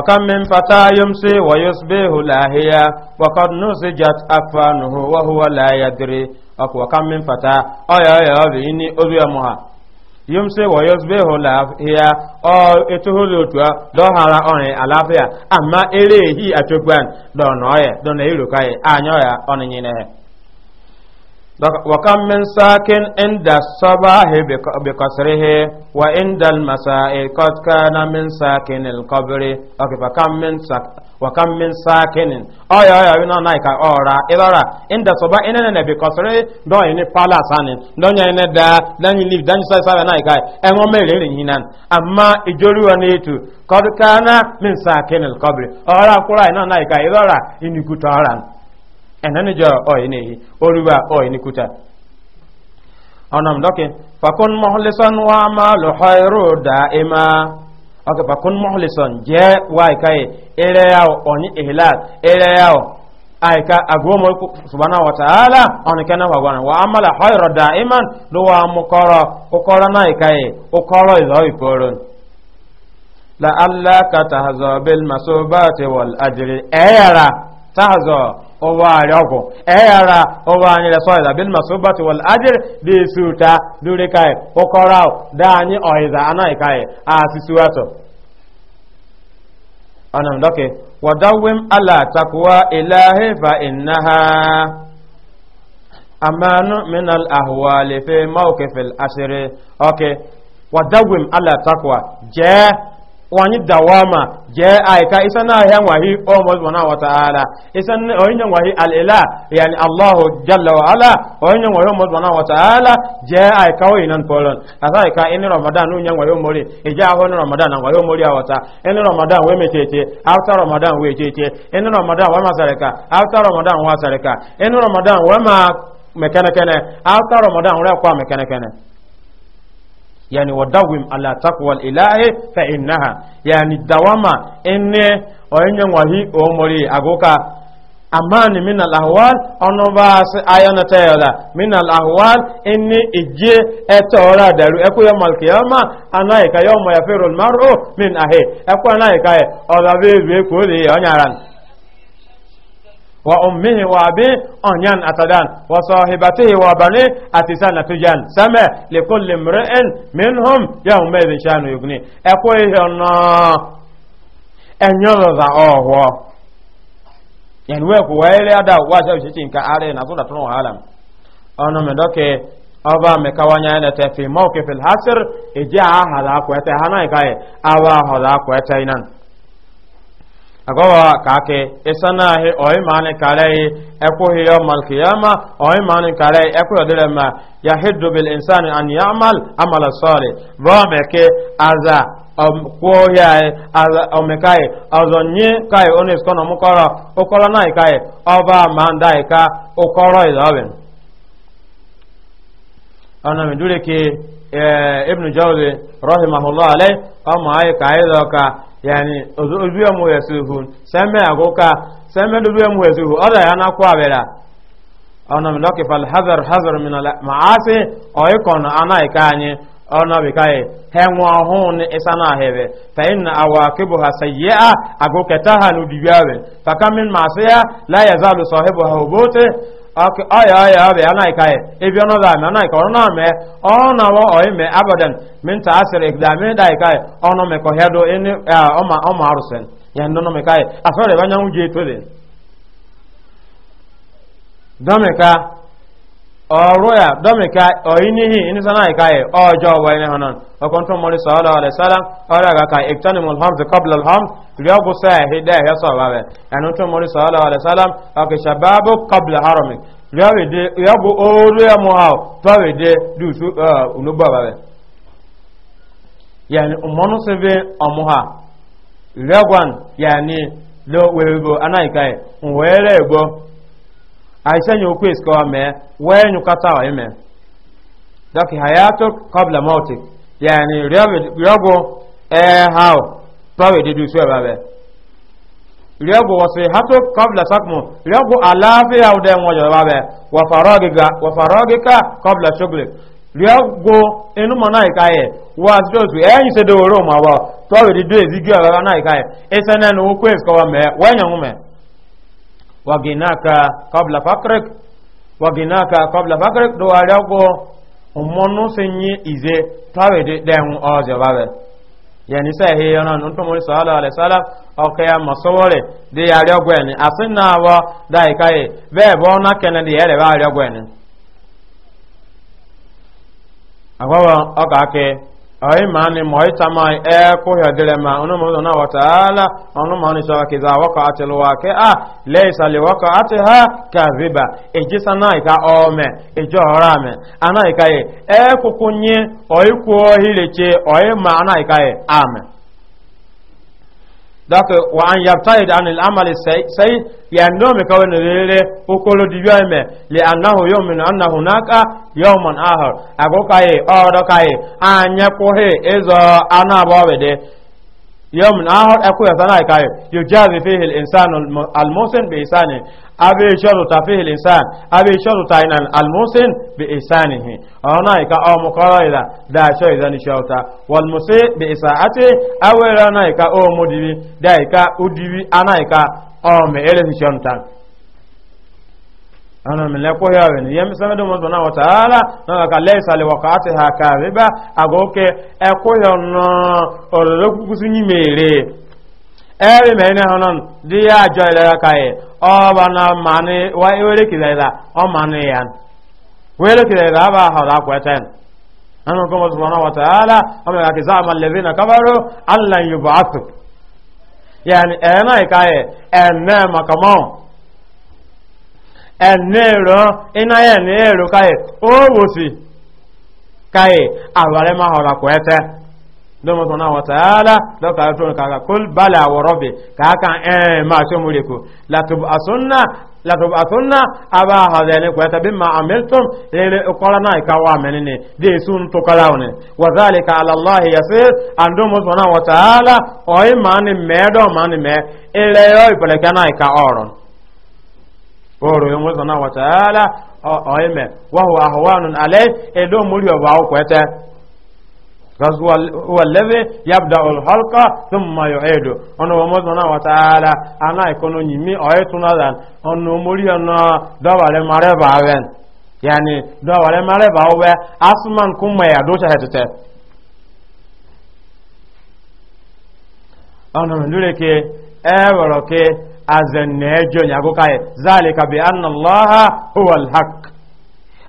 kamfata omsi aosb hulaha aczjat afnuhụla dri okkaefata oyayaorini ooma yomsi waosb hula o chohula tudoharani alavama ereehi choa donya donilo ayaya onyenya وكم من ساكن عند الصباح بكسره وعند المساء قد كان من ساكن القبر okay, فكم من ساك وكم من ساكن أي أي أي نو نايكا أورا إذا را عند الصباح إننا نبي كسره دون إني بالا سانين دون إني دا دون إني ليف دون سا سا نايكا أمو ميرين هنان أما إجوري ونيتو قد كان من ساكن القبر أورا كورا إنو نايكا إذا را إني كتاران ẹ̀nánijọ́ ọ̀yìn èyí oríwà ọ̀yìn kúta ọ̀nàm lọ́kẹ́ fàkún mọ́hùlẹ́sán wà máa lọ́họ́ irú dàímà ọkẹ́ fàkún mọ́hùlẹ́sán jẹ́ wà ìkáyẹ̀ eré yàwó ọ̀yìn ìhìlá eré yàwó àìká agbóhùnmọ́ ṣùgbọ́n àwọn tààlà ọ̀nìkẹ́ náà wàgbọ́n wà á mọ́lá họ́ ìrọ̀ dàímà ló wà á mú kọ́rọ̀ ọkọ́rọ̀ náà ìkáyẹ̀ ọkọ́rọ̀ ìlọ́ ìkóró la'allaka tahzọ bil masubati wal ajri ayara tahzọ ọwọ́ ààrẹ ọkọ̀ ẹ̀yàrá ọwọ́ ààrẹ sọ ìzàbí masubati wal ajir bí sùúta lórí káyẹ̀ ọkọ̀rá dáàní ọ̀ìzà anáìkáyẹ̀ àṣìṣúwàtọ̀ ọ̀nàmdọ́kẹ̀ wàdáwìm alàtàkùwà ìlàhífà ìnáhà amánu minal àhùwà lè fẹ́ mọ́ọ̀kẹfẹ̀ àṣírí ọkẹ̀ wàdáwìm alàtàkùwà jẹ́ wani dawama je aika isa na yan wahi o mazmana wa ta'ala isa na yan wahi al'ila yani allah jalla wa ala o yan wahi o mazmana wa ta'ala je aika o inan polon asa aika in ramadan nu yan wahi o mori ija ho ni ramadan wahi o mori awata in ramadan we metete after ramadan we tete in ramadan wa masareka after ramadan wa sareka in ramadan wa ma mekenekene after ramadan wa kwa mekenekene yani wadawim ala taqwa ilahi fa innaha yani dawama enne oyenye wahi omori agoka amani min al ahwal ono ba se ayana tayala min al ahwal inni ije etora daru eku ya mal anaye anai ka yawma yafiru al mar'u min ahi eku anaye ka e odabe be onyaran wa ummihi wa abi onyan atadan wa sahibatihi wa bani atisana tujan Same li kulli mri'in minhum yawma idhin shanu yughni eko ihona enyoro za owo yani we ko wele ada wa sha shi ka are na so da tun halam ono me doke ọba mekawanya ene te fi mawqif al iji ija hala ko te hanai kai awa hala ko agọwa ka ake ịsa na ahị ọyị mani karịa ekwughị ya malkiyama ọyị mani karịa ekwughị ọdịrị ma ya hidobil insani an ya amal amala sọrị bọọm eke aza kwuohịa omekai ọzọ nye kai onye iskọ na mụkọrọ ụkọrọ na ikai ọba ma nda ika ụkọrọ ịdọbin ọnà mìdúrè ki ibnu jawzi rahimahullah alẹ ọmọ ayé ka ayé ka yani ozuya mu yasuhu sɛmɛ agoka sɛmɛ dodo mu yasuhu ɔda ya na kɔ abɛra ɔna mi lɔki fal hazar hazar mina la maase ɔyi kɔn ana yi ka anyi ɔna bi ka anyị hɛnwa hɔn ni isa na hɛbɛ fɛyin na awa ha sayi a agokɛta ha nu ma awɛ ya obote ọkụ ọya ọya ọbịa anaghịka ya ebi ọ ọnọdụ amị anaghịka ọrụ na-amị ọ na-awọ ọyị mee abadan minta asịrị ekidami daịka ya ọ ọnụ mekọ hedo ịnị ọma ọma arụsị ya ndị ọnọmịka ya asọrọ ebe anyanwụ ji etu dị dọmịka ọ̀rọ̀ ya dọ́mìká ọ̀yíníhì inísànà ìkáyẹ ọjọ́ ọwọ́ ẹni hàn náà ọkùn tó mọ́rí sọ́ọ́lọ́ ọ̀lẹ́sálá ọ̀rọ̀ àgàkà ìtànimọ̀l hams kọ́bùlọ̀l hams ríọ́bùsá ẹ̀hídẹ́ ẹ̀yẹ́sọ̀ ọ̀bá rẹ̀ ẹnu tó mọ́rí sọ́ọ́lọ́ ọ̀lẹ́sálá ọkùnṣàbábù kọ́bùlọ̀ haromi ríọ́bù oorú ẹmu ha tọ́wédé dùsú olúgbọ̀ ọ̀bá rẹ̀ yẹni mọ́nú sí fi ọmú ha ríọ́gbọ̀n yẹni lọ́wọ́ ẹ̀gbọ́ anáìkáyẹ ń wẹ́rẹ́ ẹ̀gbọ́ aisha nyo kwe sko me we nyukata wa ime daki hayatuk yani eh, prawe didu babe alafi ya ude mojo babe eh, e wa faragika wa faragika qabla enu mana ikaye was just we se do ro ma prawe didu ezigi na ikaye kwe sko we waginaka qabla faqrik waginaka qabla faqrik do alago umonu senye ize tawe de den oze babe yani sai he yana nun to muri sallallahu alaihi wasallam o kaya masawore de ya alago en asinna wa dai kai be bo na kene de ere ba alago en agwa o ka ke ayi maani mɔyi tama ɛɛ e, kuhɛ dirɛ ma ɔnu mu zɔnna wa taala ɔnu maani sɔrɔ kiza waka ati wa ke a leisa li waka ati ha kaziba eji sana yi ka ɔmɛ eji ɔra mɛ ana yi ka ye ɛɛ kuku nye ɔyi kuo hile tse ɔyi ma ana yi ka ye amɛ donc wa an yabtaid an al'amal sai ya ndo me kawo ne lele o kolo di yo me li annahu yawmin anna hunaka yawman ahar ago kai o do kai anya ko ezo ana bawe de yom na ahor ẹkú yasa náà ikayo yóò jẹ́ àti fihil insan almosin bi isani abe iṣọ́rù ta fihil insan abe iṣọ́rù ta inan almosin bi isani hin ọ̀rọ̀ náà ika ọmọ kọ́rọ̀ ìlà dáa iṣọ́ ìdá ní iṣọ́ ta wọlmùsí bi isa àti awẹ́rẹ́ náà ika ọmọ dibi dáa ika udibi anáà ika ọmọ ẹlẹ́ni iṣọ́ ta ana na lẹ́kọ́ yà rẹ̀ nìyẹn mi sẹ́mẹ́dọ̀ mọ́tò náà wọ́ta ààlà náà kà lẹ́yìn ha ka, àti hàkà rẹ̀bá àgọ́kẹ́ ẹ̀kọ́ yà náà ọ̀rọ̀ lókùnkùn sí yìí mèrè ẹ̀rì mẹ́rin náà náà ọ àjọ ìlera kàyẹ̀ ọba náà ọ ní wá ewéré kìlẹ̀ ìlà ọ mà ní ẹ̀nẹ́rọ iná ẹ̀nẹ́rọ káyẹ̀ oòwòsì káyẹ̀ àwàrẹ́ máa ọ̀rà kò ẹ́tẹ́ lọ́mọ̀tọ̀ náà wọ́n tààlá lọ́kà kàkà kó ẹ̀ẹ̀ máa ṣe múlẹ̀ kò àhàzẹ̀ ní bí ma àmìltọ́m lè ọkọ̀lá náà ìkáwọ́ àmìlì ni dé sú ń tókọ́lá òní wàzálìkà aláàláhì yasir àndómọ̀tọ̀ náà wọ́n tààlá ọ̀yí oro yo mwezo na wataala oime wahu ahwanun alay edo muri wa wao kwete kazu huwa yabda alhalqa thumma yu'idu ono wa mwezo na wataala ana ikono nyimi oyetuna dan ono muri ono dawale mareba awen yani dawale mareba owe asman kuma ya docha hetete ono ndure ke e woro ke azẹ̀nẹ́jọ́ ní àkókò ayẹ záàlìkà bí anàláha huwalhak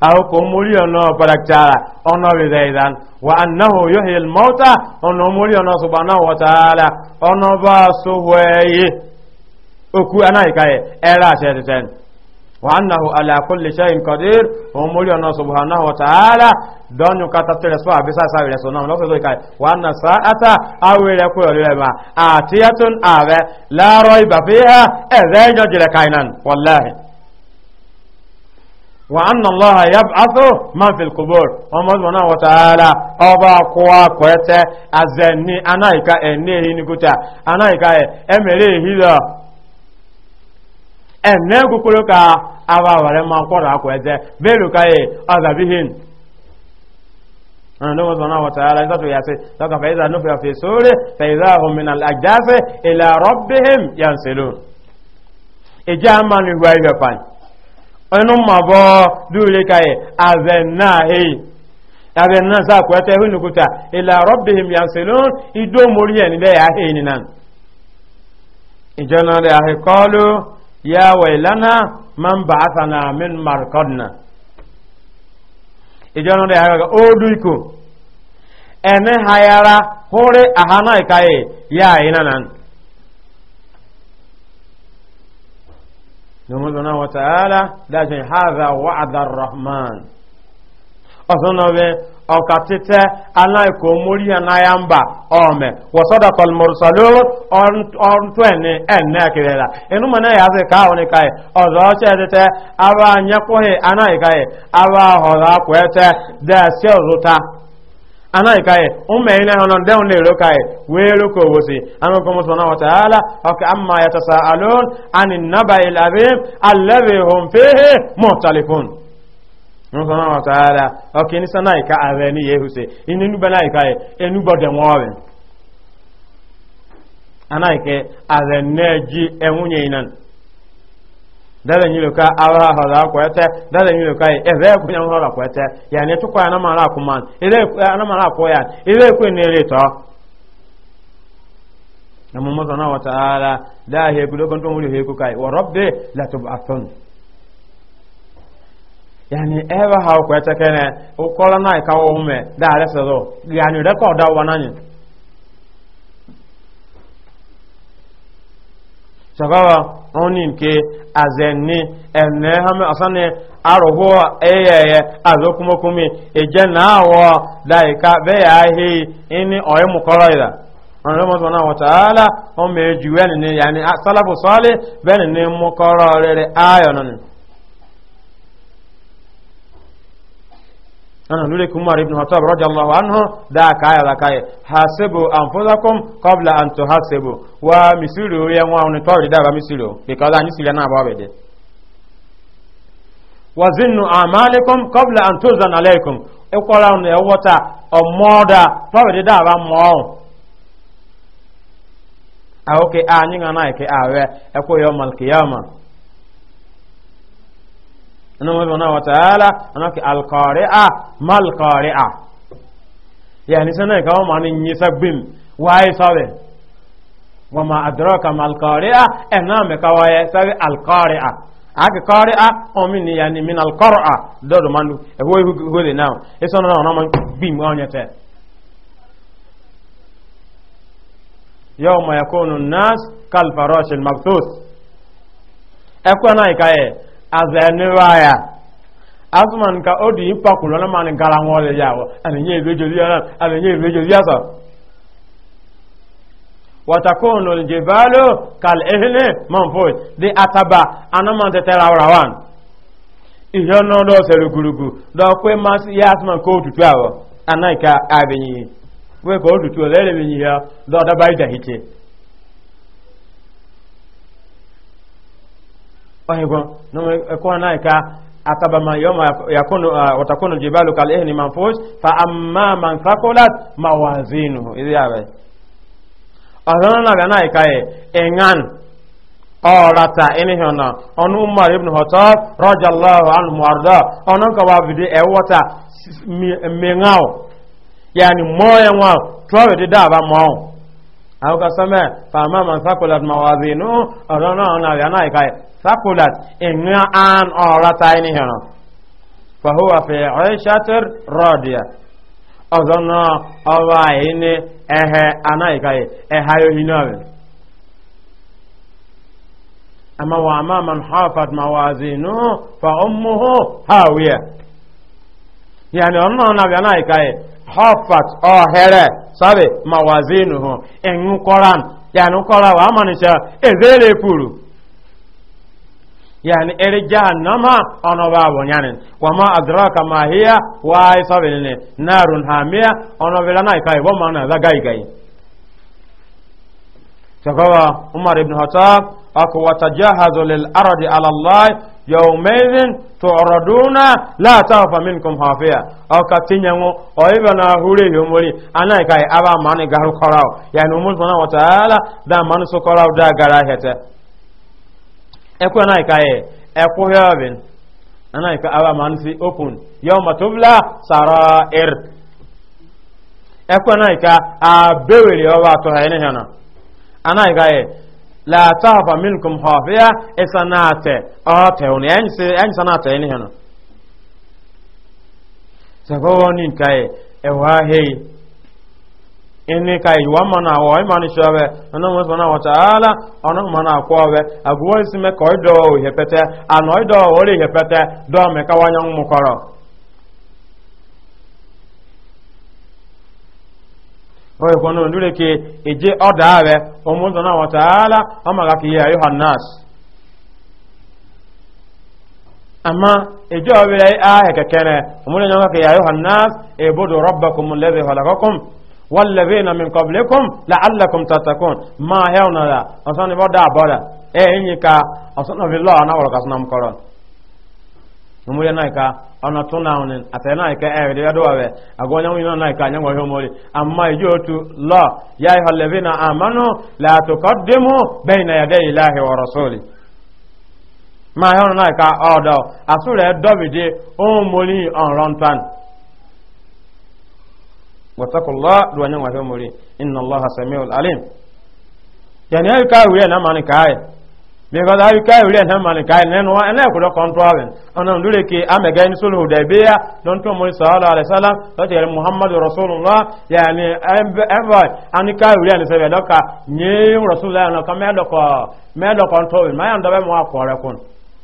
àkókò mórí ọ̀nà pàdàkìtàrà ọ̀nà rẹ̀ ìdán wà annáhù yóò hìl mọ́ta ọ̀nà mórí ọ̀nà ṣùgbọ́nà wọ̀tàálà ọ̀nà bá sówẹ́yẹ okú anáyíká ẹ̀ ẹ̀rà àṣẹ tẹ̀tẹ̀ وأنه على كل شيء قدير ومولينا سبحانه وتعالى دون يكتتر سوا بسا سوا رسولنا ولو سوى كاي وأن ساعة أول يقول لما آتية آوة لا ريب فيها إذن جدل كاينا والله وأن الله يبعث من في القبور ومن سبحانه وتعالى أبا قوى قويته أزني أنا إكا إني هنكتا أنا إكا إمري هذا ẹ̀nẹ́ kòkòrò ka aba were ma kwọrọ akwa eze belu ka ye azabihin ndo wata ala taala nzatu yase saka fa iza nufi fi sura fa iza hum min al ajdaf ila rabbihim yansilun ijama ni wa ibe pan onu mabo dule kai azenna he azenna e. sa ko te hunu kuta ila rabbihim yansilun ido mori en de ya he ni nan ijana de ahe kọlụ. ya wailana man ba'athana min marqadna ijono de aga oduiko ene hayara hore ahana ikaye ya inanan numu zana wa ta'ala da jin hadha wa'da ar-rahman osono be ọkatịtị anaghịkwa omori ya na ya mba ome wasọda palmorsalo ọntụeni ennekirela enuma ya azị ka ahụ nịkaghị ọzọ ọcha etete aba anyakwụghị anaghịkaghị aba ahọrọ akwete desi ọzụta anaghị ụmụ ẹyin náà ọ̀nà dẹ́hùn lè ló wee wéé nusana wa taala ok ni sana ika ave ni yehu se ini nuba na ika enu bode nwawe ana ike ave neji enwunye inan dada nyilo ka awra hola kwete dada nyilo ka eve kunya hola kwete yani tukwa na mara anamara ile na mara koya ile kwe nele to na mumo sana wa taala la he kulo kan to mu he ku kai wa rabbi la tub'athun yani ewa ha ko ta kene o kola na ka o me da re so do yani record da wana ni sabawa onin ke azenni enne ha me asane arobo eyeye azokumokumi eje na da ika be ya hi ini oyi mukoro ida ọ̀rọ̀ mọ́sán náà wọ̀tàálà ọmọ èjì wẹ́ni ni yàní sálàfò sọ́ọ́lẹ̀ ni mọ́kọ́rọ̀ rẹ̀ ayọ̀ náà ana nule kumar ibn hatab radiyallahu anhu da kaya da kaya hasibu anfusakum qabla an tuhasibu wa misiru ya wa ni tori da ba misiru because an isile na ba bede wa zinnu amalikum qabla an tuzan alaykum e kola ne wota o tori da ba mo a oke anyi ngana ike awe انما سبحانه وتعالى انك القارئه ما القارئه يعني سنه كما معنى يسبم واي سبب وما ادراك ما القارئه انما كواي سبب القارئه ake kare a omin yani min al qara dodo mandu e wo go le now e so na na man bim onya te yawma yakunu an-nas kal farash al-mabthus e ko na ikaye azẹniwaya asuman ka o di ipakulo na mani gara wọn le ya wọ alinye ibejozi ọna alinye ibejozi ọsọ watakun olùjẹbàálò kal ehine manfoy di ataba anaman tete ọra wan ihe ọna ọdọ ọsẹrẹ gurugu dọkwe mas ya asuman ka otutu awọ anaika abinyi wee ka otutu ọlẹrẹ binyi ya daba dọdaba idahite ohigo ko na ka akaba ma yoma yakunu ah, watakunu jibalu kal ihni manfush fa amma man thaqulat mawazinuhu idiabe ọ̀rọ̀ náà gana ìka ẹ̀ eh, ẹ̀ngán ọ̀rata ẹnihàn náà ọ̀nà umar ibn hotob rọ́jà lọ́wọ́ alùmọ̀ọ́dọ́ ọ̀nà kọwa bìdí ẹ̀wọ́ta mìíràn yàní mọ́ ẹ̀wọ̀n tọ́wẹ̀ gana e. sakulat inna an orata ini hana fa huwa fi aishatir radiya ozona owa ini ehe anaikai ehayo hinawe ama wa amma man hafat mawazinu fa ummuhu hawiya yani onna na ganaikai hafat ohere sabe mawazinu hu en koran yani korawa amanisha ezele puru yani ere jahannama ono babo nyanen wama adraka ma hiya wa isabiline narun hamia ono velana ikai bo mana za gai gai sakawa umar ibn khattab ako watajahazu lil ardi ala allah yawmaidhin tu'raduna la tafa minkum hafiya aw katinyango o ibana hure yomori anai kai aba mani garu korao yani umul subhanahu wa ta'ala da manu so da garahete ekwe na ikaye ekwe heaven ana ika awa man fi open yawma tubla sarair ekwe na ika abewele owa to ha ene hana ana ikaye la tahfa minkum khafiya isanate ate on ense ensanate ene hana sagawoni ikaye ewa hei Ene ka iwa mana awa ima ni shobe ana mo sona wa taala ana mana akwa we agwo isi me ko do o hepete ano do o re hepete do me ka wanya mukoro o e kono ndure ke eje oda we o mo wa taala eje o we ai a hekekere o mo e bodo rabbakum والذين من قبلكم لعلكم تتقون ما هيونا لا أصلا بدا بدا إيه إنك أصلا بالله أنا ورك أصلا مكرون نمولي نايكا أنا تناون أتى نايكا إيه دي أدوا به أقول يوم يوم نايكا يوم يوم مولي أما يجوتو لا يا أيها الذين آمنوا لا تقدموا بين يدي الله ورسوله ما هيونا نايكا أو دو أصلا دو بدي أمولي أن رنتان واتقوا الله دوانيا وفمري إن الله سميع عليم يعني أي كاي ولا نما نكاي because أي كاي ولا نما نكاي ننوا أنا أقول كنترولين أنا أقول لك أم جاين سلوه دبيا دون كم مولى صلى الله عليه وسلم تقول محمد رسول الله يعني أم أم أنا كاي ولا نسبة لك نيم رسول الله أنا كم لك ما لك كنترولين ما يندبه ما أقول لكم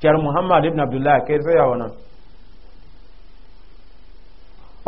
كير محمد ابن عبد الله كير سيا ونام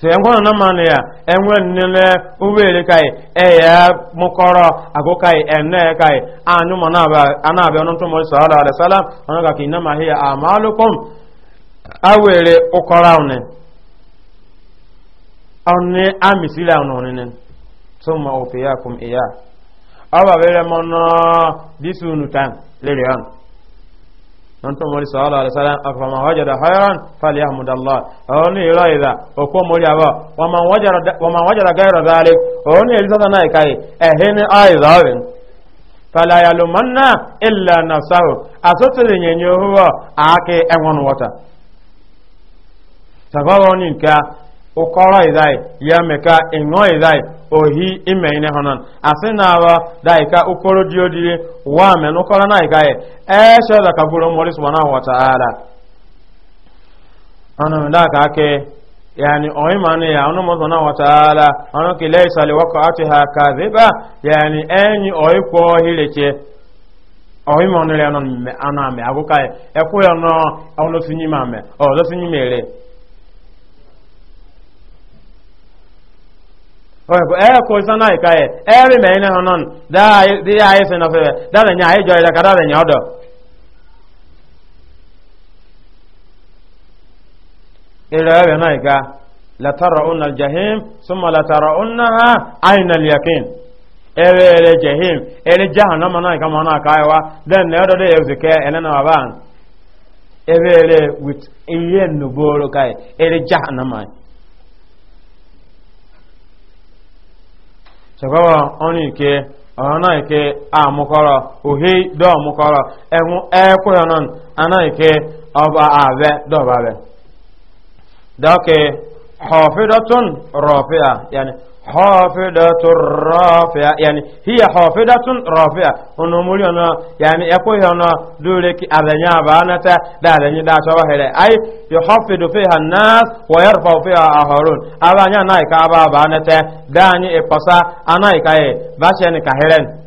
sèyẹ́nkọ́nà náà máa nìyà ẹ̀wọ̀n nílẹ̀ uwéèrè káyì ẹ̀yà mọ́kọ́rọ̀ àkókáyì ẹ̀nà ẹ̀ káyì àánúmọ̀ náà bẹ̀ ala tó mọ̀ sọ́ọ́lá alẹ́sálá ọ̀nà kàkì iná máa híyà àmàlùkùn ụkọrọ ọkọ̀rọ̀ ọ̀nà ọ̀nà àmìsílẹ̀ ọ̀nà ọ̀nà tó mọ̀ òfìyà ọ nantɔn mɔri sɔɔla alisala akɔfama wajara hayran fali ahmudala ɔwɔ ni yɔrɔ yi la o ko mɔri aba wama wajara gayɔrɔ daali ɔwɔ ni yɛlisa sanna yi ka ye ɛhini ayi zɔɔri fali ayalumanna illa nafsahu asotiri nyɛnyɛ huwa aake ɛŋɔni wata. sababu ni ka ụkọrọ ịzai ya meka ịṅụọ ịzai ohi ime hụ honon asị na awa daika ukoro di odiri wa men ukoro na ika ye eshe da ka buru mori subhanahu wa ta'ala ana da ka ke yani oyi mani ya onu mo subhanahu wa ta'ala onu ki laysa ha waqa'atiha kadhiba yani enyi oyi ko hileche oyi mo nire anon ana me agukai e ku ya no onu sunyi ma me o do sunyi mere ee kwụsị na ịka ya ebe ma na-ahụ nọn dị ya anyị si na fere dada nye anyị jọrọ ka dada nye na ịka latara ụna jahim suma latara ụna ha anyị na liyakin ebe ere jahim ere na ma na ịka ma na aka ịwa den na ọdọ dị with ihe nnuboro ka ere jahan na ma sọkọrọ ọnụ ike ọhụrụ ike amụkọrọ ohe dọ mụkọrọ ẹhụ ẹkwụ ya nọn anọ ike ọba abe abẹ dọba abẹ dọkị họfịdọtụn rọfịa yani hafidatun rafi'a yani hiya hafidatun rafi'a ono muri ono yani eko ono dure ki aranya bana ta da aranya da so hele ai yuhafidu fiha an-nas wa yarfa'u fiha akharun abanya nai ka ba bana ta da ni e pasa anai ka e ba ka heren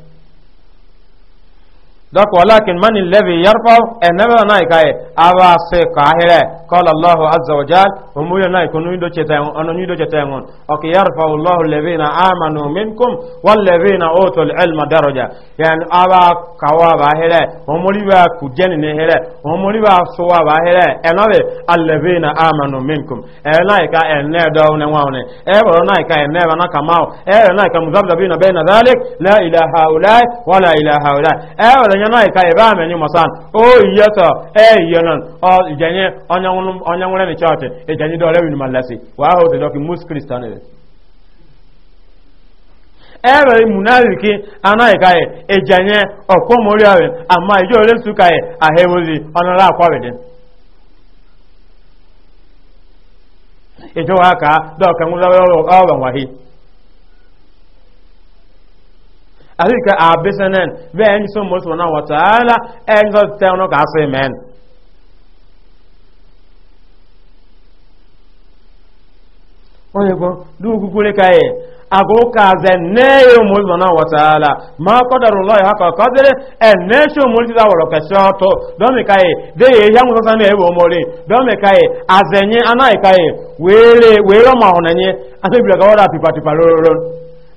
donc walakin man alladhi yarfa'u enaba na ikaye aba se kahire qala allah azza wa jal umuyo na ikunu ndo cheta ono nyido cheta ngon ok yarfa'u allah alladhina amanu minkum walladhina utul ilma daraja yani aba kawa bahire umuri ba kujeni ne here umuri ba sowa bahire enobe alladhina amanu minkum ena ika enne do ne waone eboro na ika enne bana kamao ena ika muzabdabina baina dhalik la ilaha illa wala ilaha illa eboro enye na ka ebe a menyu masan o iye e iye non o ijenye onyanwunu onyanwure ni church ijenye do rewi malasi wa ho te doki mus christian e ebe munafiki anaghị ka ejenye ọkpọmori ọrịa ama ole su ka e, aka ahụike abịsịnen bụ enyi so mmụọ sọ na wataala enyi so site ọnụ ka asị men onye kwuo duu kukwuli ka yi agụ ka ze nne ya mmụọ sọ na wataala ma kọdara ụlọ ya ka kọdịrị ene si so mmụọ sọ wọrọ kasị ọtọ dọmi ka yi de ya ihe nwụsọ sọ na ebe omori dọmi ka yi azenye anaghị ka yi were were ọma ọhụnanye asịbịa ka ọ da tipa tipa rororo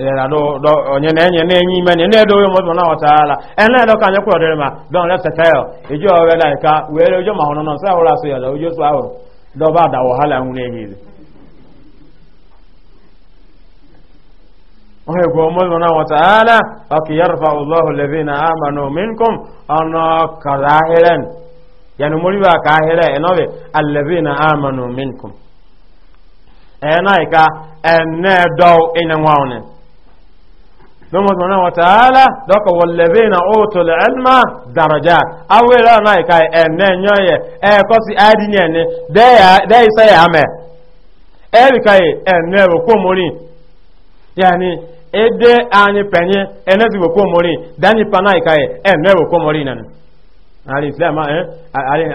ìrẹ̀lá ọ̀yẹn ẹ̀yẹn na ẹ̀yìn mẹ́ni ní ẹ̀dọ́ yóò mọ́sùn na wọ̀tàálà ẹ̀lẹ́ ẹ̀dọ́ka ní kúrò dẹ́rẹ́mà dọ́n lẹ́tẹ̀tẹ́ ìjọ ọ̀rẹ́ láìka wẹ́rẹ́ ojú màá náà sáwọ́rọ̀ àṣeyọ̀lẹ̀ ojú sọ ọhụrụ dọ́bà àdàwọ̀ hálà ń rẹ̀ yìí wọ́n yẹ kó mọ́sùn náà wọ̀tàálà ọkì yẹrùfà ọlọ́hù na na nomo subhanahu wa ta'ala doko wallazina utul ilma na kai enenyo ye e ko si adinye ne de ya de isa ya e bi kai enne ya ko mori yani anyi penye ene ti bo ko mori danyi panai kai ko mori ali eh, ali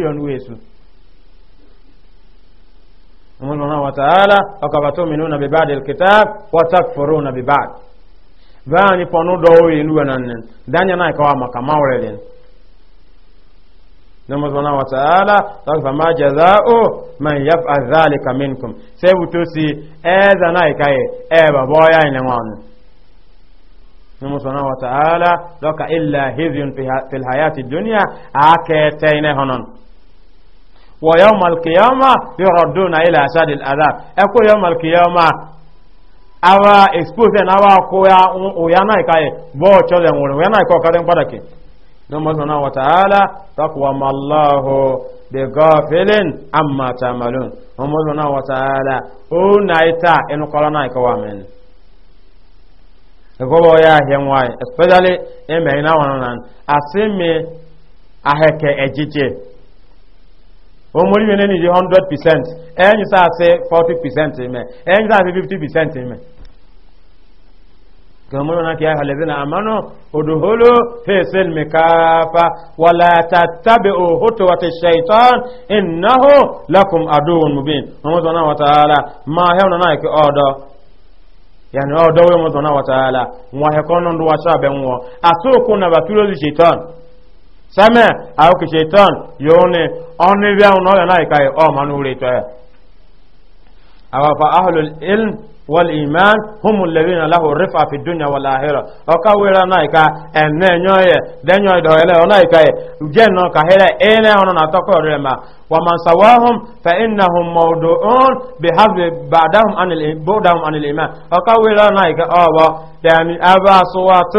na subhanahu wa ta'ala akaba tu'minuna bi ba'dil kitab wa takfuruna bi ba'd bani ponu do we lu nan danya na kawa maka mawrelin nama subhanahu wa ta'ala takfa ma jazaa'u man yaf'al dhalika minkum sai butusi eza na kai e baboya ina ngwan nama subhanahu wa ta'ala doka illa hizun fil hayati dunya akete ina honon ويوم القيامة يردون إلى أشد العذاب أكو يوم القيامة awa expose na awa ko ya uyana ikaye bo chole ngure uyana iko kare mpadake no mo sana wa taala taqwa mallahu bi ghafilin amma tamalun no mo sana wa taala o naita en kola na iko amen E bo ya henwai especially e me na wana nan asimi aheke ejije omori wene ni je 100% enyi sa se 40% ime enyi sa se 50% ime kamar wana ke haka lazina amano uduhulu fi silmi kafa wala tattabi'u hutuwati shaitan innahu lakum aduwwun mubin Muhammad subhanahu wa ta'ala ma hewna na ke odo yani odo Muhammad subhanahu wa ta'ala wa hekono ndu wa shabe nwo asuku na batulo shaitan sɛmɛ awo kì seitan yóòni ɔni bíyàwó náà lẹ́nu àyíká yìí ɔmọ ní wúlò ìtọ́ yẹ. àwàfà ahlu ilm wal iman humu lẹ́bi náà lahu rifa fi dunya wal ahira ɔka wíra náà àyíká ɛnɛ nyɔ yɛ dɛnyɔ dɔwɛlɛ ɔnà àyíká yɛ jẹ́ nà kahira ɛnɛ ɔnà nà tɔkɔ rɛ ma wàmàn sawahum fɛ ina náà àyíká ɔwɔ dɛmi abasuwa tó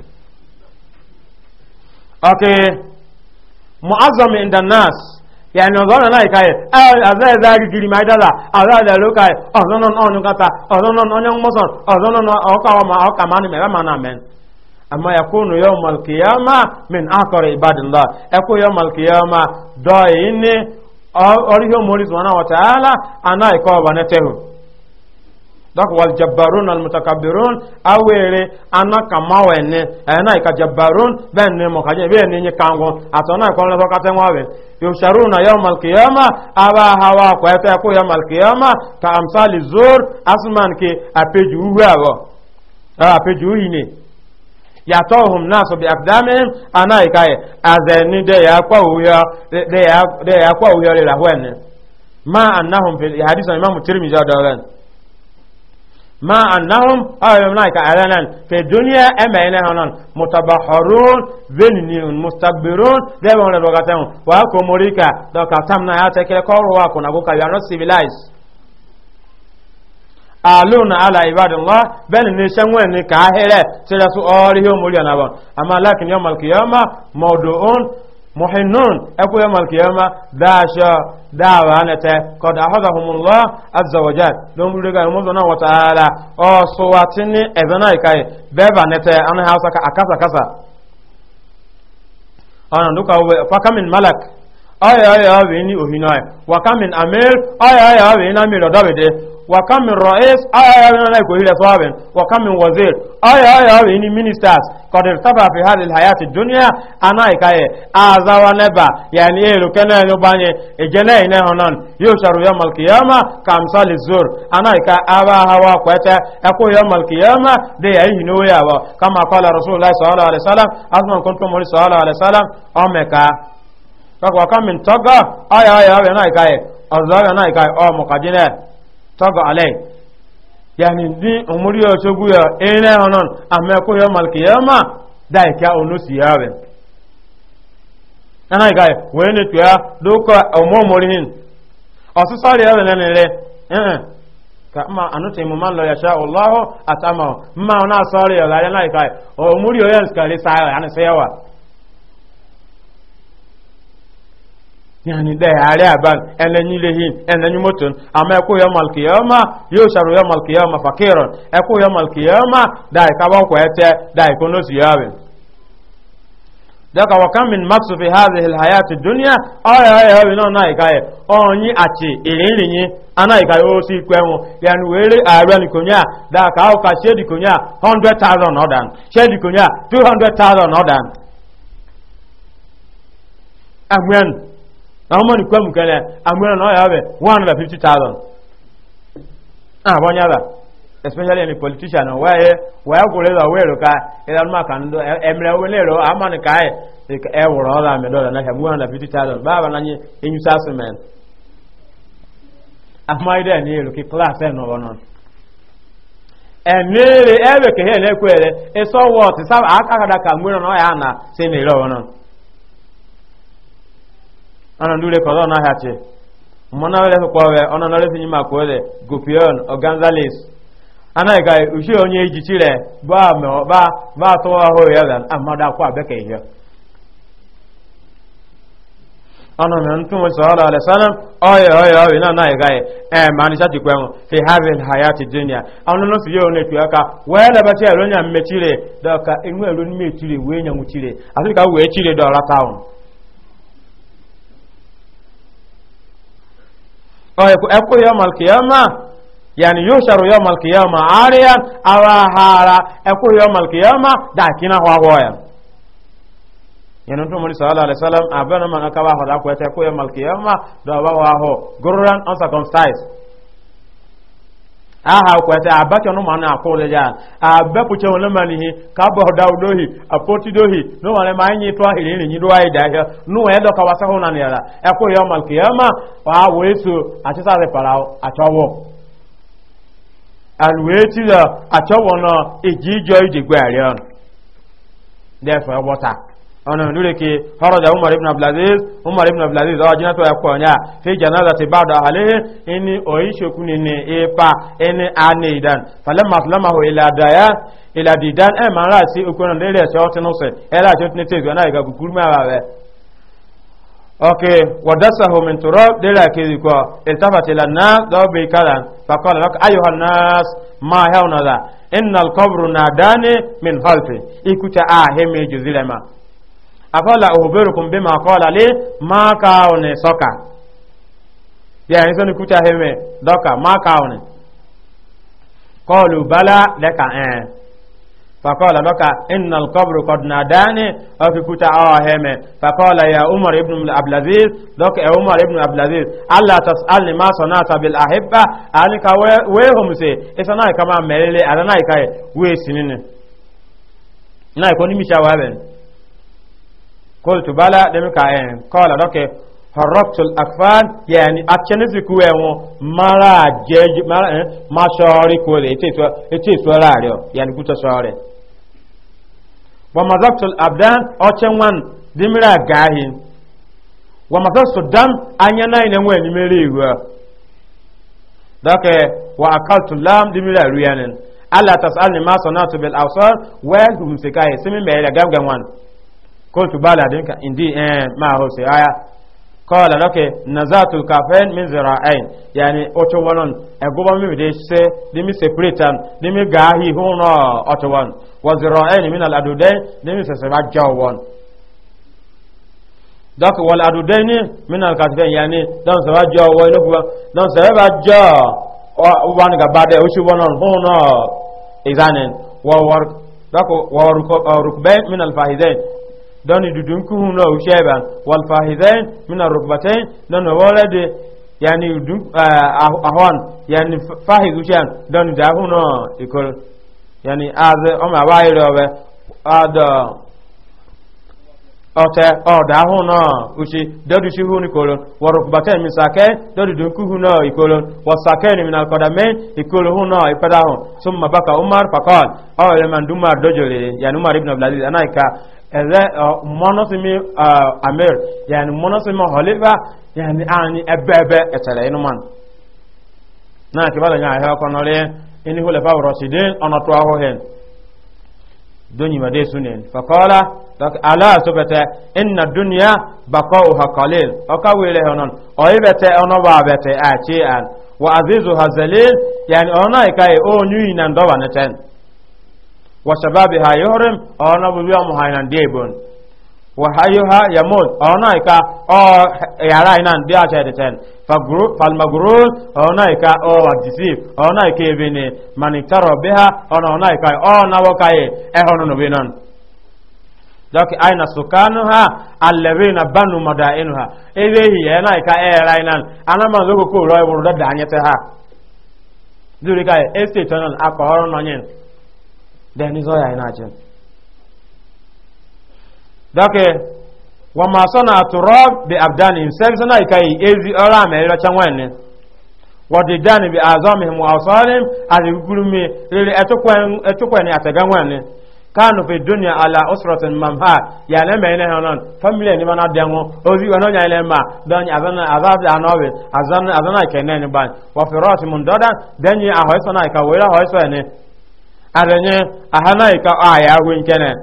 okay mu'azzam in the ya yani ọzọ na ka ye eh, aza eze agị giri ma idala aza ada lo ka ye ọzọ nọ n'ọnyụ kata ọzọ oh, nọ n'onye oh, oh, ma ọka ma anịmere ma na amen amma ya kunu yau malkiyama min akọrọ Ibadan la ẹkụ yau malkiyama dọ yi ne ọrịa omori zuwa na wata dɔk wal jabbarun al mutakabirun awere ana kama wene ana ika jabbarun ben ne mokaje ben ne nye kango atona ko na sokate ngwawe yusharuna na al qiyama aba hawa ko eta ko yawm al qiyama ka amsali zur asman ke apeju uwawo apeju ine yàtọ̀hùn náà sọ̀bí àkdámẹ́hìn anáìkáyẹ̀ àzẹ̀ni dẹ̀yà pọ̀ òwúyọ́ rẹ̀ ràwọ̀ ẹ̀nẹ̀ máa ànáhùn fèlè hadith imam tirmidhi ọ̀dọ̀ rẹ̀ ma annahum awem na ka alanan fe dunya emaina hanan mutabaharun veninin mustakbirun de wona dogatan wa ko morika do ka tamna ya tekele ko ruwa ko na go ka you are not civilized aluna ala ibadillah bal ni shanwe ni ka hele sira su ori ho muriya na ba amma lakin yawmal qiyamah mawdu'un muhinnun ekuya malkiyama daasho daawaanete kod ahadahumullah azza wajal domburega muzona wa taala o suwatini ebenai kai bebanete ana hausa ka akasa kasa ana duka fakamin malak aya ni wini ohinai wakamin amir aya aya wini amir odobede وكم من رئيس آية آية آية كهيلة صواب وكم من وزير آية آية آية إني منستاس قد ارتفع في هذه الحياة الدنيا أنا إكاية آزا ونبا يعني إيه لكنا يباني إجنة إنه هنان يوشر يوم القيامة كامسال الزور أنا إكا أبا هوا كويتا أكو يوم القيامة دي أيه نويا كما قال رسول الله صلى الله عليه وسلم أزمان كنتم صلى الله عليه وسلم أمكا وكم من تقى آية آية آية آية آية آية آية آية آية آية tọ́gọ̀ alẹ́ yàní dín òmúrí ọ̀ṣogú yọ ẹ̀rẹ́ ọ̀nà àmẹ́kọ́ yọ malkiyama dáìkà onóṣìyà rẹ̀ ẹ̀nà ìgbà wẹ́n ní tùyà lókọ̀ ọmọ òmúrí hìn ọ̀sísọ́rì ẹ̀rẹ̀ lẹ́nu rẹ̀ ẹ̀hẹ̀n ka ma anuti ya man lo ya sha Allah atama ma na sori ya ya yani da yare a ban ene ni lehin ene ni mutun amma ko ya mal kiyama yo sharu ya mal kiyama fakiran e ya mal kiyama da ka ba ko ete da ko no siyabe daga wa kam min maksu fi hadhihi al hayat ad dunya ay ay ay no na ikaye onyi achi irinrinyi ana ikaye o si kwenu yani were are ni konya da ka o ka shedi konya 100000 odan shedi konya 200000 odan amen ahụmanụ kwem one hundred na ọya bụ 150,000 abọnyala especially any politician wee wee gwụrụ ịlọ ịrụ rụ ka ịlanụ maka ndụ emere owe na-ero amanụ ka anyị e wụrụ ọrụ one hundred n'ahịa 150,000 baba na ebe ka na ịsọ wọt ka ana ndure kodo na hache mona wele kwawe ona na lesi nyima kwele gupion oganzalis ana ga ushi onye ejichire ba me ba ba to ho yala amada kwa beke ihe ana me ntu mo sala ala salam oye oye oye na na ga e ma ni shati kwen fi hadhihi hayati dunya ana no fiye one tu aka wele ba ti eronya mmechire doka inu ero ni mechire we nya muchire afika we chire do rataun ẹkú yọmọ kìyàmá yàni yóò ṣàrò yọmọ kìyàmá àríyàn ara hara ẹkú yọmọ kìyàmá dàkínà wàwọ ẹ yẹnu tó mọ̀rí sọ́lá alẹ́sọ́lá àbẹ́nu mọ̀ ká wà hàn lákòó ẹ̀tẹ́ ẹkú yọmọ kìyàmá dọ̀wọ́ wà hàn gurran uncircumcised aha kwete abacha no mana akole ja abepuche wona mani hi ka bo daudohi apoti dohi no wale manyi to ahire ni nyido ai da ya no e do ka wasa hona ni ala e ko yo ya kiyama wa wetu atisa re parao achowo alweti da achowo no ejijo idegwe ari therefore water ọ̀nà lórí ke haraja umar ibn abdulaziz umar ibn abdulaziz ọwọ́ jina tó ẹkọ ọ̀nyá fi janaza ti báadọ̀ aléhe ẹni ọ̀yíṣẹ́kú ni ní ipa ẹni àní ìdán falẹ́ maslamahu ìlàdàyà ìlàdìdán ẹ̀ máa ń rà sí okun náà lérí wadasa homin turo dira ke ziko iltafati lannas da bai kalan fakwala laka ayyuhan nas ma hauna da innal qabru nadani min halfi ikuta a heme afala uhubirukum bima qala li ma kaune soka ya ni sonu kuta heme doka ma kaune qalu bala laka eh فقال لك إن القبر قد ناداني أو كتا آهم فقال يا عمر ابن عبد العزيز لك يا عمر ابن عبد العزيز ألا تسألني ما صنعت بالأحبة أنك ويهم سي إسانا كما مليلي أنا نايكا ويسنين نايكوني مشاوابين قلت بلى دمك أين قال لك حرقت الأكفان يعني أتشنز كوه مرا جج مرا ما شعري كوه إتيسوا إتيسوا راريو يعني كوتا شعري ومرقت الأبدان أتشنوان دمرا غاهين ومرقت الدم أنينا إنوه نمريه ذاك وأكلت اللام دمرا ريانين ألا تسألني ما صنعت بالأوصال وين تمسكاه سمي مهلا غمغمان قلت بلى دينك اندي ان ما هو سي ايا قال لك نزات الكافين من ذراعين يعني اوتوانن اغوبا مي دي سي دي مي سيبريتان دي مي غاهي هونو اوتوان وذراعين من الادودين دي مي سيبا جاوون donc wala adudeni min alkatifen yani don saba jo wo ino fuba don saba jo o wani ga bade o shi wonon hono izanen wa war donc wa rukben min alfahidain doni dudunkuhun lo usheba wal fahidain min arukbatain don wolade yani dun ahwan yani fahid ushan don dahuno ikol yani az o ma wa be ada ọtẹ ọdọ ahụ náà ushi dọdụ shi hu nikolon wọrọkụbata mi sake dọdụ dunku hu náà ikolon wọsake ni minal kọdame ikolon hu summa baka umar fakal ọ eleman dumar dojole yani umar ibn abdulaziz anaika ɛzɛ uh, mɔnɔsimi uh, amir yani mɔnɔsimi hɔlifa yani ani ɛbɛɛbɛ ɛtɛlɛ inu naa kiba da nyaa hɛw kɔnɔri ini hule fa rɔsiden ɔnɔ tɔ aho do nyima de sunen fakɔla ala sobɛtɛ duniya bakɔ uha ɔka wele ɔyi bɛtɛ ɔnɔ baa bɛtɛ a wa azizu ɔnɔ yi na dɔba ne وشبابها يهرم أو نبوي مهينا ديبون وحيها يموت أو نايكا أو يراينا دي أشهدتين فالمغرور أو نايكا أو الدسيف أو نايكا يبيني من اكتروا بها أو نايكا أو نوكاي أهون نبينان donc aina sukanuha allabina banu madainuha ebehi yana ka erainan anama zogo ko roy wuru da danye te ha duri kai estate nan akoro nonyen dani zo yayin ajin dake wa ma sana turab bi abdani sai sana kai ezi ora me ro chan wan wa de dani bi azamihim wa asalim ali gurumi rere etokwan etokwan atagan wan kanu fi dunya ala usratin mamha ya le me ne hanan family ni mana dengo ozi wono nya le ma don azana azaz anobe azana azana kenen ban wa firati mun dodan danyi ahoyso na ka wera hoyso ne abenye ahana ika aya ah, hwen kene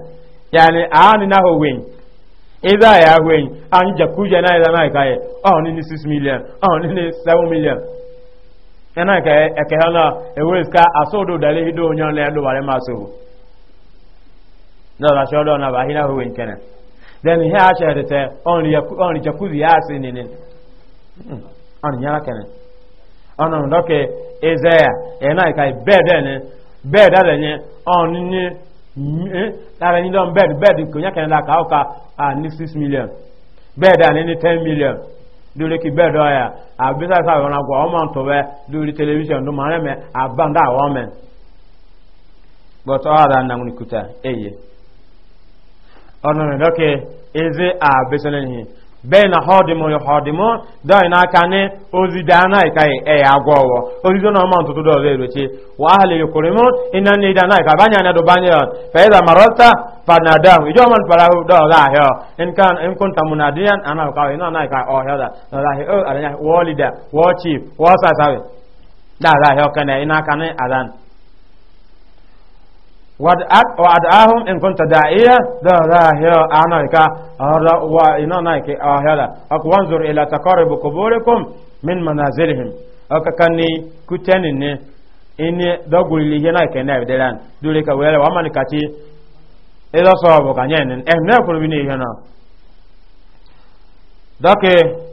yani ah, ah, na ho ida ya na ida na ika ye oh ni ni 6 million ni ni 7 million ena ka eke hana ewe ska asodo dale hido onyo na bare maso na la shodo na ba hina ho hwen kene then he ha chere te only only ya hmm, kene ndoke ena bed adenye ọnụnye adenye don bed bed onye kene da ka ọka ani ah, 6 million bed anini 10 million lórí kí bẹ́ẹ̀ dọ́ yà àbísà sáwọn ọ̀nà gbọ́ ọmọ tó bẹ́ lórí tẹlifíṣàn ló máa rẹ̀mẹ̀ àbáńdà àwọn mẹ́ bọ́tọ́ ọ̀dà nàmúni kùtà èyí ọ̀nà rẹ̀ lọ́kẹ́ eze àbísà lẹ́yìn bena họdịmụ họdịmụ dọị n'aka ni ozi anaghị ka ẹ e, e ya agwọ ọwọ ozide na ọma ntụtụ dọọ ọzọ erochi wa ahalị yokwuru mụ ịna nne anaghị ka banya na dubanye ọ fẹyida marọta fanadam ijọ ọma ntụpara ahụ dọọ ọzọ ahịa ọ nkụ ntamu na adịya anaghị ka ịna anaghị ka ọhịa ọzọ ọzọ ahịa ọ adịya wọọ lida wọọ chief wọọ sasawe daa ahịa ọkana ịna aka ni adan وأدعاهم إن كنت داعية ظاهرة أعناك وإناناك أهلا أنظر إلى تقارب قبوركم من منازلهم أككني كتنين إني دوغل لي هنا كنا بدلان دولك ويلا ومن كاتي إذا صابوا كنين إحنا كل بني هنا دكي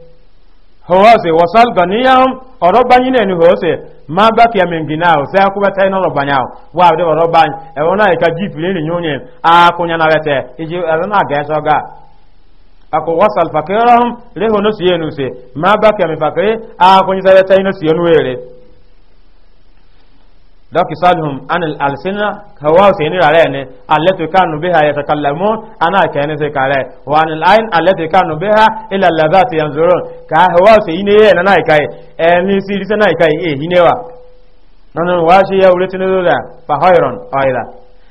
hose wasal ganiyahum orobanyi ne ni hose ma ba ki amengina o se akuba tai no robanya o wa de oroban e wona e ka jeep ni nyonye a kunya na wete iji arana ga so ga ako wasal fakirahum le hono siyenu se ma ba ki a kunya sa wete ino siyenu were dɔki salhum anil alsina kawaw seni rare ne allati kanu biha yatakallamun ana kene se kare wa anil ain allati kanu biha ila ladati yanzurun ka hawaw se ine ye na kai e ni siri se na kai e hinewa nan wa shi ya ulati ne da fa hayron aida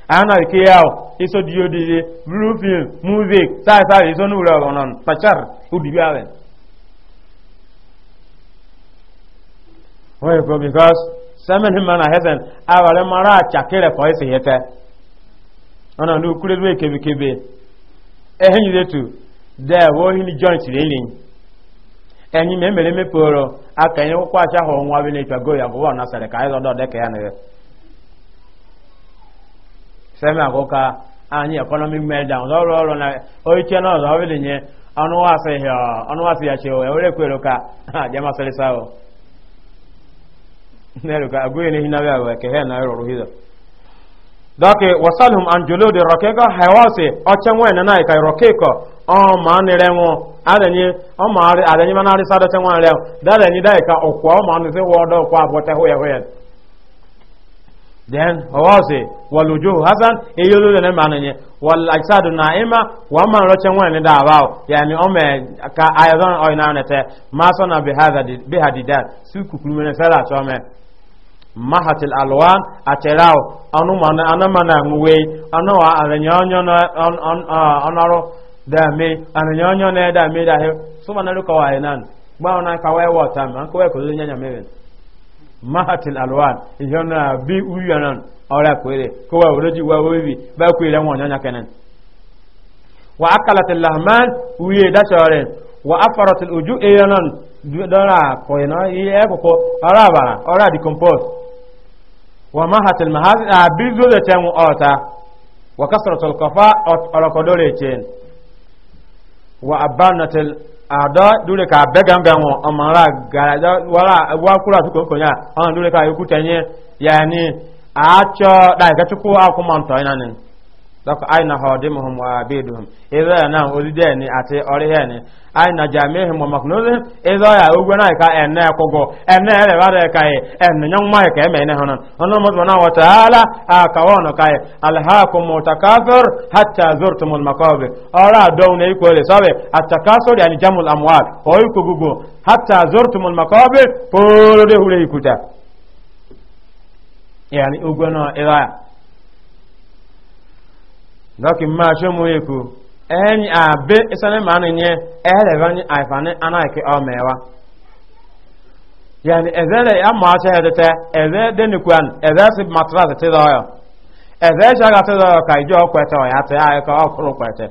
ana ke iso diyo diye blue film music sai sai iso nura wonon pachar udibi awen Why? Because sẹ́mẹ̀nì mẹ́rin àhẹ́sẹ̀n àwàrẹ mara àchàkẹ́rẹ̀ kọ́ ẹ̀sẹ̀ yẹtẹ́ ọ̀nà ní okúrẹ́ lóye kebekebe ẹ̀hìn yìí lẹ́tù dẹ́ wọ́n ní joint lẹ́lẹ́ ẹ̀yìn mẹ́mẹ́rẹ́ mẹ́pọ̀rọ̀ akẹ́yìn kó àṣàhọ̀ ohun wa bẹ́ẹ̀ ìfẹ́ góyà kó wà ọ̀nà sẹ̀rẹ̀ ya lọ́dọ̀ dẹ́kẹ́ yà a sẹ́mi àkọ́kọ́ àní economic meltdown lọ́rọ̀ ọ̀rọ̀ na oríṣẹ́ náà lọ́wọ́ nero ka agoye ne hinawe awe ke he na ro hizo dake wasalhum an juludi rakeka hawase ochenwe na nai kai rokeko o ma ne o ma ari ma na sada chenwa dare ni dai ka okwa o ma ne se wo kwa bote ho ye then hawase waluju hasan e yulu ne ma ne wal ajsadu naima wa ma ne da yani o me ka ayadon o ina ne te ma bi hada bi su kukulu ne sala chome mahatil alwan aterao anu mana anamana nguwe anu wa aranyanyo na onaro da me aranyanyo na da me da he so mana lu kawai nan ba ona ka wai wata ma ko wai ko nyanya mewe mahatil alwan yona bi uyanan ora kwere ko wa woroji wa wewi ba kwere won nyanya kenan wa akalat allahman uye da shore wa afarat aluju yanan dora ko ina iye ko ara ba ara decompose ومهت المهازل أبيزو ذا تنو أوتا وكسرة القفاء ألقدوري تين وأبانة الأعداء دولك أبغان بيانو أمارا غالادا ولا وكلا تكون كنيا أنا دولك أيكو تنيا يعني أتشو دا يكتشكو أكو مانتو ينانين dɔk aina hɔdimuhum wa abiduhum idha na olideni ati oriheni aina jamihim wa maknuzihim idha ya ugwana ka enne kogo enne ele bare kai e, enne nyong mai ka eme ne honon ono mo na wa taala akawono kai e. alhaakum mutakafir hatta zurtumul maqabir ora dawne ikole sabe atakasur yani jamul amwal o ikugugo hatta zurtumul maqabir polo de hule ikuta yani ugwana idha dɔki maa tso mu yi ko ɛni a be sani maa ni nye ɛhɛlɛ bɛ ni ayifani ana yi ke ɔ mɛ wa yanni ɛzɛ de ya maa tɛ yɛrɛ tɛ ɛzɛ de ni si matrasi ti dɔ yɔ sɛ ka ti dɔ yɔ ka tɛ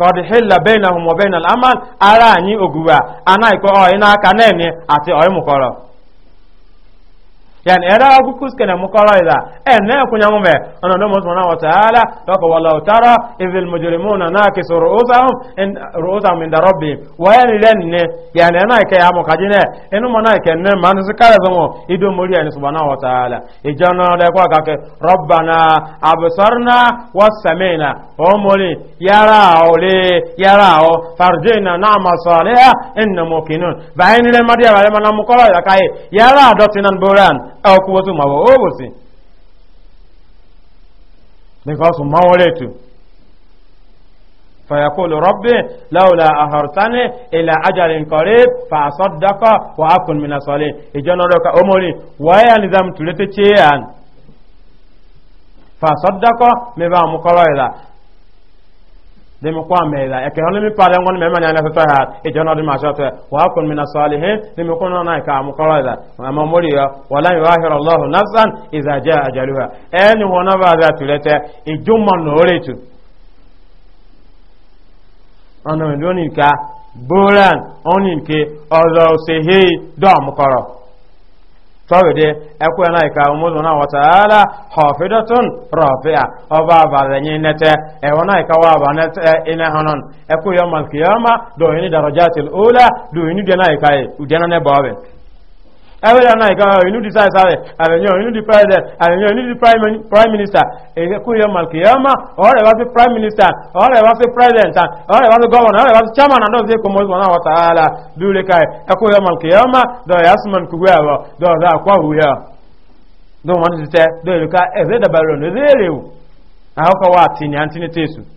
kọ̀dì hìlà bẹ́ẹ̀nà ọmọ bẹ́ẹ̀nà àmà ara àyín ògùwà aná ìkọ́ ọ̀yìn náà kanẹ́ẹ̀ni ati ọ̀yìn mùkọ́rọ̀ yani era kukuske na mukoroida ene kunyamume ono ndo mwenyezi Mungu taala toka wala tara idhil mujrimuna nakisu ru'usahum in ru'usahum inda rabbi wa yani lenne yani ana ke amo kajine enu mona ke ne manzikala zomo ido mori yani subhanahu wa taala ijana le kwa kake rabbana absarna wasamina o yara ole yara o farjina na'ma salihah inna muqinun ba yani le madia wale mana mukoroida kai yara dotinan boran ẹ̀kú wọ́n tún ma wọ́ owó sí because ma wọ́n lè tù فيقول ربي لولا أهرتني إلى أجل قريب فأصدق وأكون من الصالحين إجانا لك أمري ويا نظام تلتشيئا فأصدق مبا مقرأ demi kwa mela e ke hono pale ngon me manya na tata e jono de mashata wa kun min asalihin demi kun na e ka mu kawala amma muriya wala yuhir Allah nafsan idza jaa ajaluha eni hono ba za tulete e jumma no retu ana ndoni ka boran onin ke ozo sehe do mu koro tọ́wẹ̀dẹ́ ẹkú ẹ̀nà ìka ọmọdúnà wọ̀tàálà họ̀fídọ́tún rọ̀fíà ọba àbàlẹ̀yìn nẹ́tẹ́ ẹ̀wọ̀n náà ìka wà nẹ́tẹ́ iná hanan ẹkú yọmọ kìyọmọ dòyìn dàrọjá tìlúlà dòyìn dẹ́nà ìka ìdẹ́nà nẹ́bọ̀ọ́bẹ̀ ẹwẹ́rẹ́ náà ìkan ọ̀rọ̀ inú dísà ìsàrẹ̀ àrẹ̀yàn inú di president you inú the prime minister or yọ malkiyama ọ̀rẹ́ wá sí prime minister ọ̀rẹ́ wá sí president ọ̀rẹ́ wá sí governor ọ̀rẹ́ wá sí chairman àdọ́ sí kòmọ́ ìsọ̀nà àwọn tààlà dúró káì ẹkú yọ malkiyama dọ̀rẹ́ asman kúgbé àwọ̀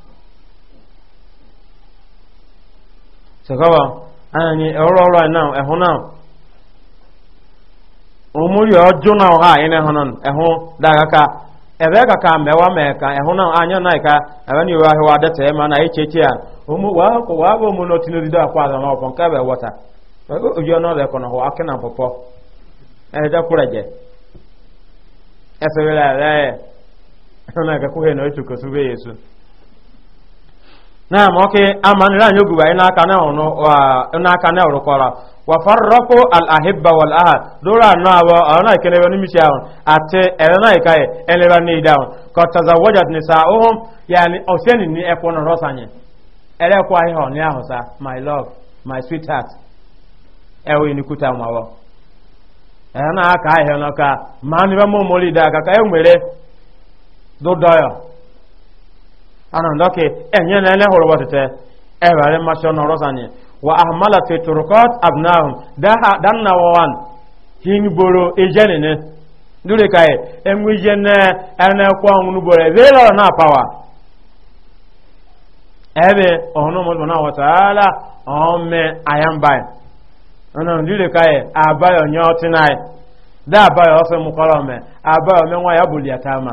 sọ̀kọ́wọ́ anyị ọrụ ọrụ anyị na ẹ̀hún náà omori ọjọ́ náà ha anyị na-ẹ̀hún náà ẹ̀hún dàgàkà ẹ̀bẹ̀ kàkà mẹ́wàá mẹ́ẹ̀ka ẹ̀hún náà anyị náà ẹ̀ka ẹ̀bẹ̀ ni ìwé ahịwá dẹ́tẹ̀ ẹ̀ máa na moke amani anyị nyogu n'aka na kana ono wa ina kana urukora wa farraqu al ahibba wal ahad dora na wa ana kene wani mishaon ate kọtaza ikaye eleba ni down ko tazawajat nisaahum yani oseni ni ekono rosanye ele kwa hiho ni ahosa my love my sweetheart ewe ni kuta mawo elena aka ihe noka mani ba mo moli da ka ka enwere do doyo ana ndoke enye eh, na ele horo watete e bare no rosanye wa ahmala fi turqat abnahum hin boro ejene eh, ne kai eh, enwe jene kwa ngunu boro na pawa ebe ono mo na wa ome ayamba ana dure kai abayo nyotinai da abayo mukolome abayo menwa ya buliatama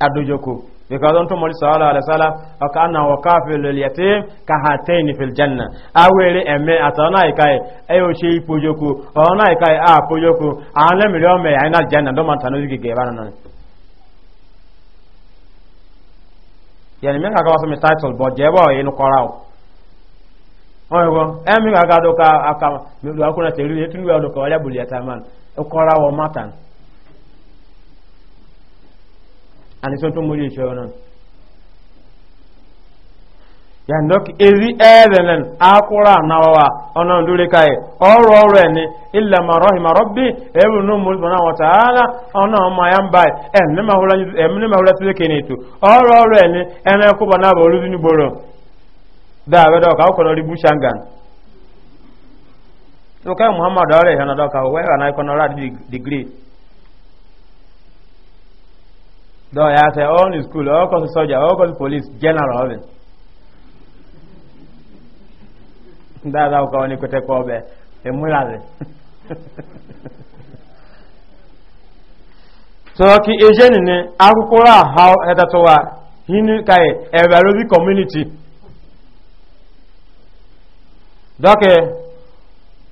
adojoko ikazon to mori sallallahu alaihi wasallam aka anna wa kafil lil yatim ka hatayn fil janna awere eme atana ikai ayo she ipojoku ona ikai a pojoku anle mi lo me ina janna do man tanu gige bana nan yani me ka waso mi title but jebo yin korao oyo emi ka ga do ka aka mi do akuna telu yetinu ya do ka wala man korao matan ani so to muri cho non ya ndok ezi elenen akura nawa ono ndure kai oro oro ni Ila ma rahima rabbi ebu no mu subhana wa ta'ala ono ma yamba en ne ma hula en ne ma hula tse kenetu oro oro ni ene ku bana ba olu ni boro da be do ka ko ri bushangan to kai muhammad ore hana do ka we na ko na degree dɔw y'a sɛ ɔɔ ni sukulu ɔɔ kɔsi sɔja ɔɔ kɔsi polisi jɛnɛra ɔbɛ n daa daa kɔɔ ni kɔtɛ kɔɔ bɛ emu la bɛ sɔɔki eje nini akukura ahaw ɛdatowa hini ka ye community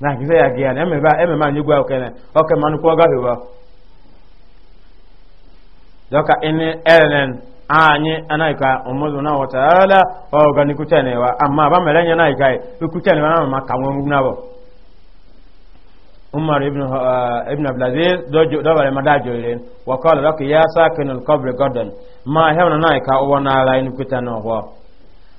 na kisa ya gị na emebe ememe anyị gwa okene oke mmanụ kwụọ gaghị ụwa dọka ịnị elenen anyị anaghịkwa ọmụzụ na wọtala ọgani kuche na ịwa amma aba mere nye anaghịkwa ikuche na ịwa na mama ka nwe ngwu na bụ umar ibn uh, ibn abdulaziz dọbara mada jolire wakọla dọka ya sakin kọbri gọdọn ma ihe hewna naghịkwa ụwa n'ala inukwute na ọhụọ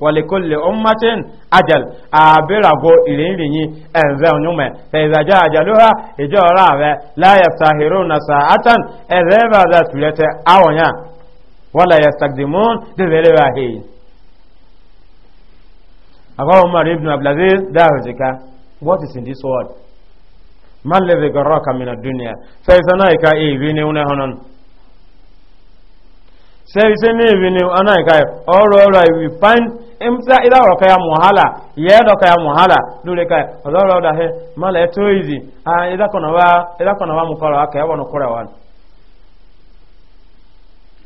walikulli ummatin ajal abirago irinrinyi ẹnzẹ onyumẹ fẹzàjá ajaluha ìjọ ọrọ ààrẹ láyẹ sahiru na sa'atan ẹzẹ bàzà tulẹtẹ awọnya wọlẹ yẹ sagdimun dẹzẹrẹ wa hei. akọwọ ibn abdulaziz dáhùn jika what is in this world man lè gọrọ kàmínà dúnìá fẹsẹ̀ náà ìka èèvì ní wọn ẹ̀hónán sẹ́yìn sẹ́yìn ní èèvì ní we find imsa ila wa kaya muhala ya da kaya muhala dole kai azara da he mala eto izi a ila kona wa ida kona wa mukara aka yawa nokora wa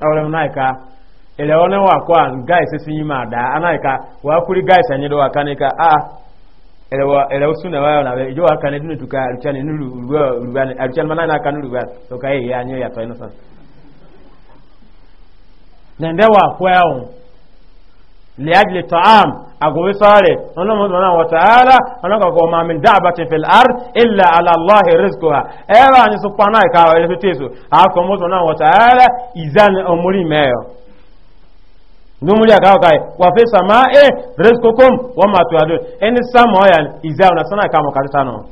awle naika ile one wa kwa guys sinyi ma da anaika wa kuri guys anyi do wakanika a ah, ele wa ele usuna wa na be jo akane dinu tuka aluchane nulu ruwa ruwa aluchane mana na kanulu ruwa to kai ya nyo ya to inosan nende wa kwa لأجل طعام أقول صاري أنا سبحانه وتعالى أنا أقول ما من دعبة في الأرض إلا على الله رزقها إيوا أن سبحانه كاو إلى تيسو أقول سبحانه وتعالى إذن أمري ميو numuli akawo kai wafe sama e rizqukum wama tuadun eni samo yan izao na sana kama kalisano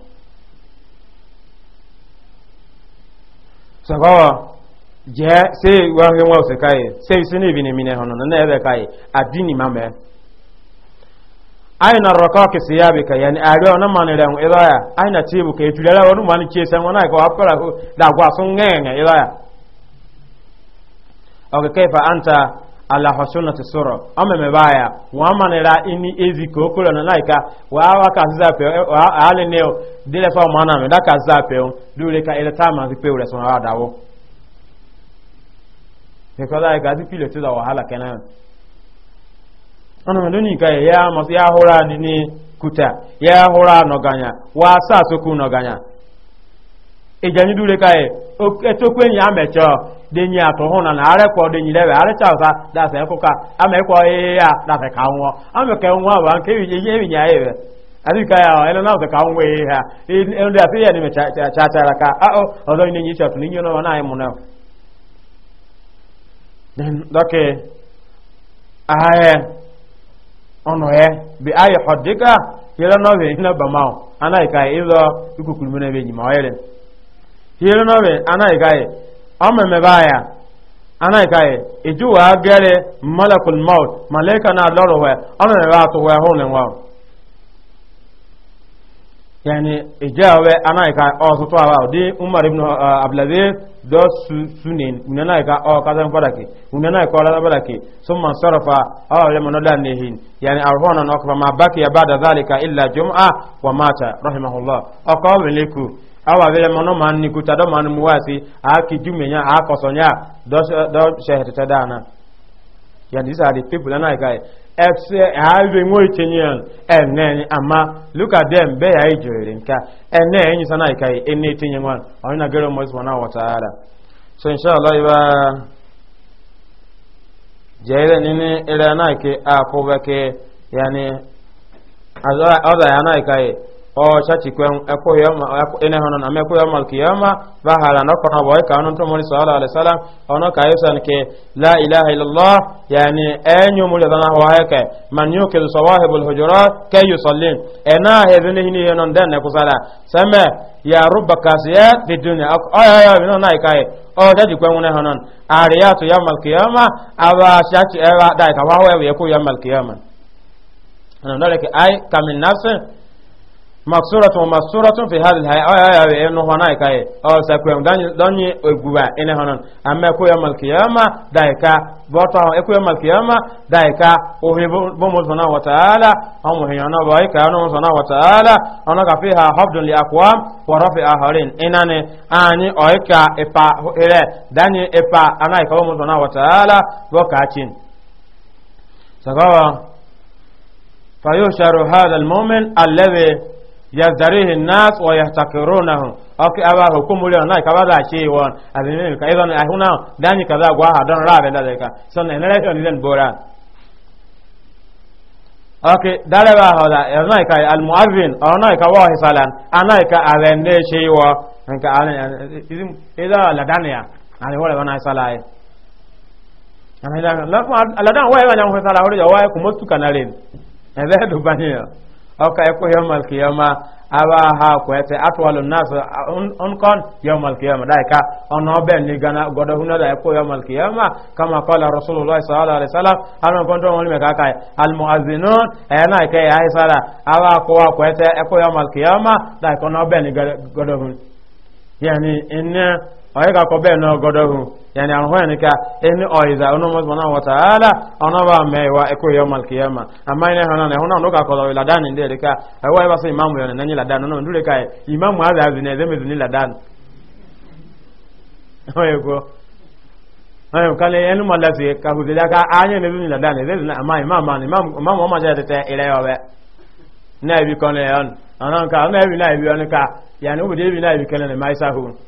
sagawa so, jee se wahe nwa ose kai se isi ne bi mine hono na ebe kai adini mame aina roko ke siyabi ka ko so ngenge oke kefa anta ala hasunati sura ame mebaya wa manera ini ezi ko kolo na laika wa wa kaza pe wa ale neo dile fa da kaza pe dule ka pe because I got to the wahala kenan ana ndoni ka ya hụrụ ya hura ni ni ya hura no ganya wa sa soku no ganya ejani dure ka ya mecho de ni ato ho na are ko de ni lewe are cha sa da se ka ame ko e ya da se ka ya na se ka won e ha e ndo afi ya ni me cha cha cha a o dɔke ahayɛ ɔnɔyɛ bi ayɛ xɔdika yɛlɛ nɔbɛ ina bamaw ana yi ka yi ikuku ikukuru mine bɛ nyima ɔyɛlɛ yɛlɛ nɔbɛ ana yi ka ɔmɛmɛ baaya ana yi ka yi eju gɛrɛ malakul maut malayika naa lɔrɔ wɛ ɔmɛmɛ wɛ yani ijawe anaika o oh, so tawa ah, de umar ibn uh, abdulaziz do sunin unana ka o oh, kaza baraki unana oh, ka la baraki summa sarafa aw le monola nehin yani arhona no ma baki ya bada zalika illa jum'a wa mata rahimahullah aqawliku awa vile mono man ni kutado man muwasi akijumenya akosonya do do shehetada yani these are the people and I guy etse have nwe ichenyen enen ama look at them be ya ijere nka ene enyi sana kai ene tinyen wan onina gero mo zwana wa taala so inshallah iba jere nini ila na ke akobeke yani azara oda ya na kai o chati kwen eko yoma ene hono na meko yoma kiyama ba hala no kono boy ka non to moni sallallahu alaihi wasallam ono ka yesan ke la ilaha illallah yani enyo mu da na hoye ke man yukil sawahibul hujurat kay yusallin ena hebene hini non dan ne kusala sama ya rubba kasiyat fi dunya aya ya bino na ikai o chati kwen ne hono ariyatu yawmal kiyama aba chati ewa dai ka wawe ye ko yawmal kiyama maksuratun maksuratun fi hadhihi ay ay ay enu hona ikaye o oh, sakwem danyi danyi eguwa ene honon amma e ko yamal qiyama daika bota e ko yamal qiyama daika o he bo mo zona wa taala o mo hena ba e ka no zona wa taala ona ka fiha habdun li aqwam wa rafi aharin inane ani o ka epa ere danyi epa ana e ka mo zona wa taala bo ka chin sagawa fayusharu hadha almu'min alladhi yazdarihi nas wa yahtakirunahu ok aba hukumu leo na kaba da che won azimi ka idan ahuna dani kaza gwa ha don ra da da so na nere yo nilen bora ok dare ba ho da ya na ka al muazzin o na ka wa hisalan ana ka alende che wo nka ale izim ida la na ale wala wana salai ana ida la ala dan wa ya na ho sala ho ya wa ku motu kanare ebe do baniya aka yako yawm alqiyama aba ha ko ete atwalu nas on kon yawm alqiyama dai ka ono ben ni gana godo huna dai ko yawm alqiyama kama qala rasulullah sallallahu alaihi wasallam ana kon to woni ka kai al muazzinun ana kai ai sala aba ko ko ete ko yawm alqiyama dai ko no ni godo hun yani inna onye ga-akọ bee na ogodohu yani arụhụyani ka eni ya onomosmana wataala a mewa ekoyo malkiyama amma ina hana na huna nuka kọlọ ladan ndị erika ewa ịba sọ imamu yọna nanyi ladan ka imamu aza azụ na ezeme zuni ladan oyego ayo kale ka anya na zuni ladan ezeme na na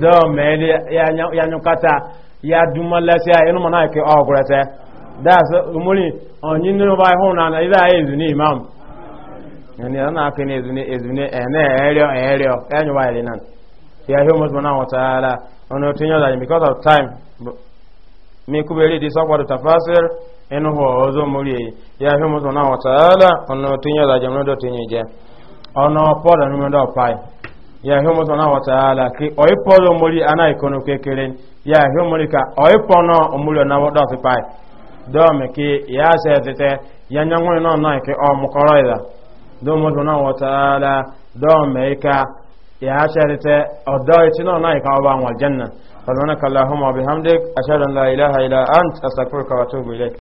dɔw mɛɛli yanyɔkata yadumalɛsɛ ya ke ɔgurɛsɛ daasɛ umuli ɔnyiniba hunana ida ye zuni imam yani ana kene ezuni ezuni ene ya hiyo mwana wa taala ono tinyo la because of time mi kubeli di sokwa do tafasir ho ozo muri ya hiyo mwana wa taala ono tinyo la jamno do ya ihe ọmọ sọ̀nà wọ̀tàálà kí ọ̀yí pọ́lọ mórí aná ìkọ̀nù kékeré ya ihe ọmọrí ka ọ̀yí pọ́nà ọmọrí ọ̀nà wọ́dọ̀ sí páì dọ́ọ̀mì kí ya ṣe ẹ̀tẹ̀tẹ̀ ya nyẹ́wọ́n náà náà kí ọmọkọrọ ìlà dọ́ọ̀mọ sọ̀nà wọ̀tàálà dọ́ọ̀mì ka ya ṣe ẹ̀tẹ̀tẹ̀ ọ̀dọ́ ìtì náà náà ìkọ̀ ọba àwọn jẹ́nà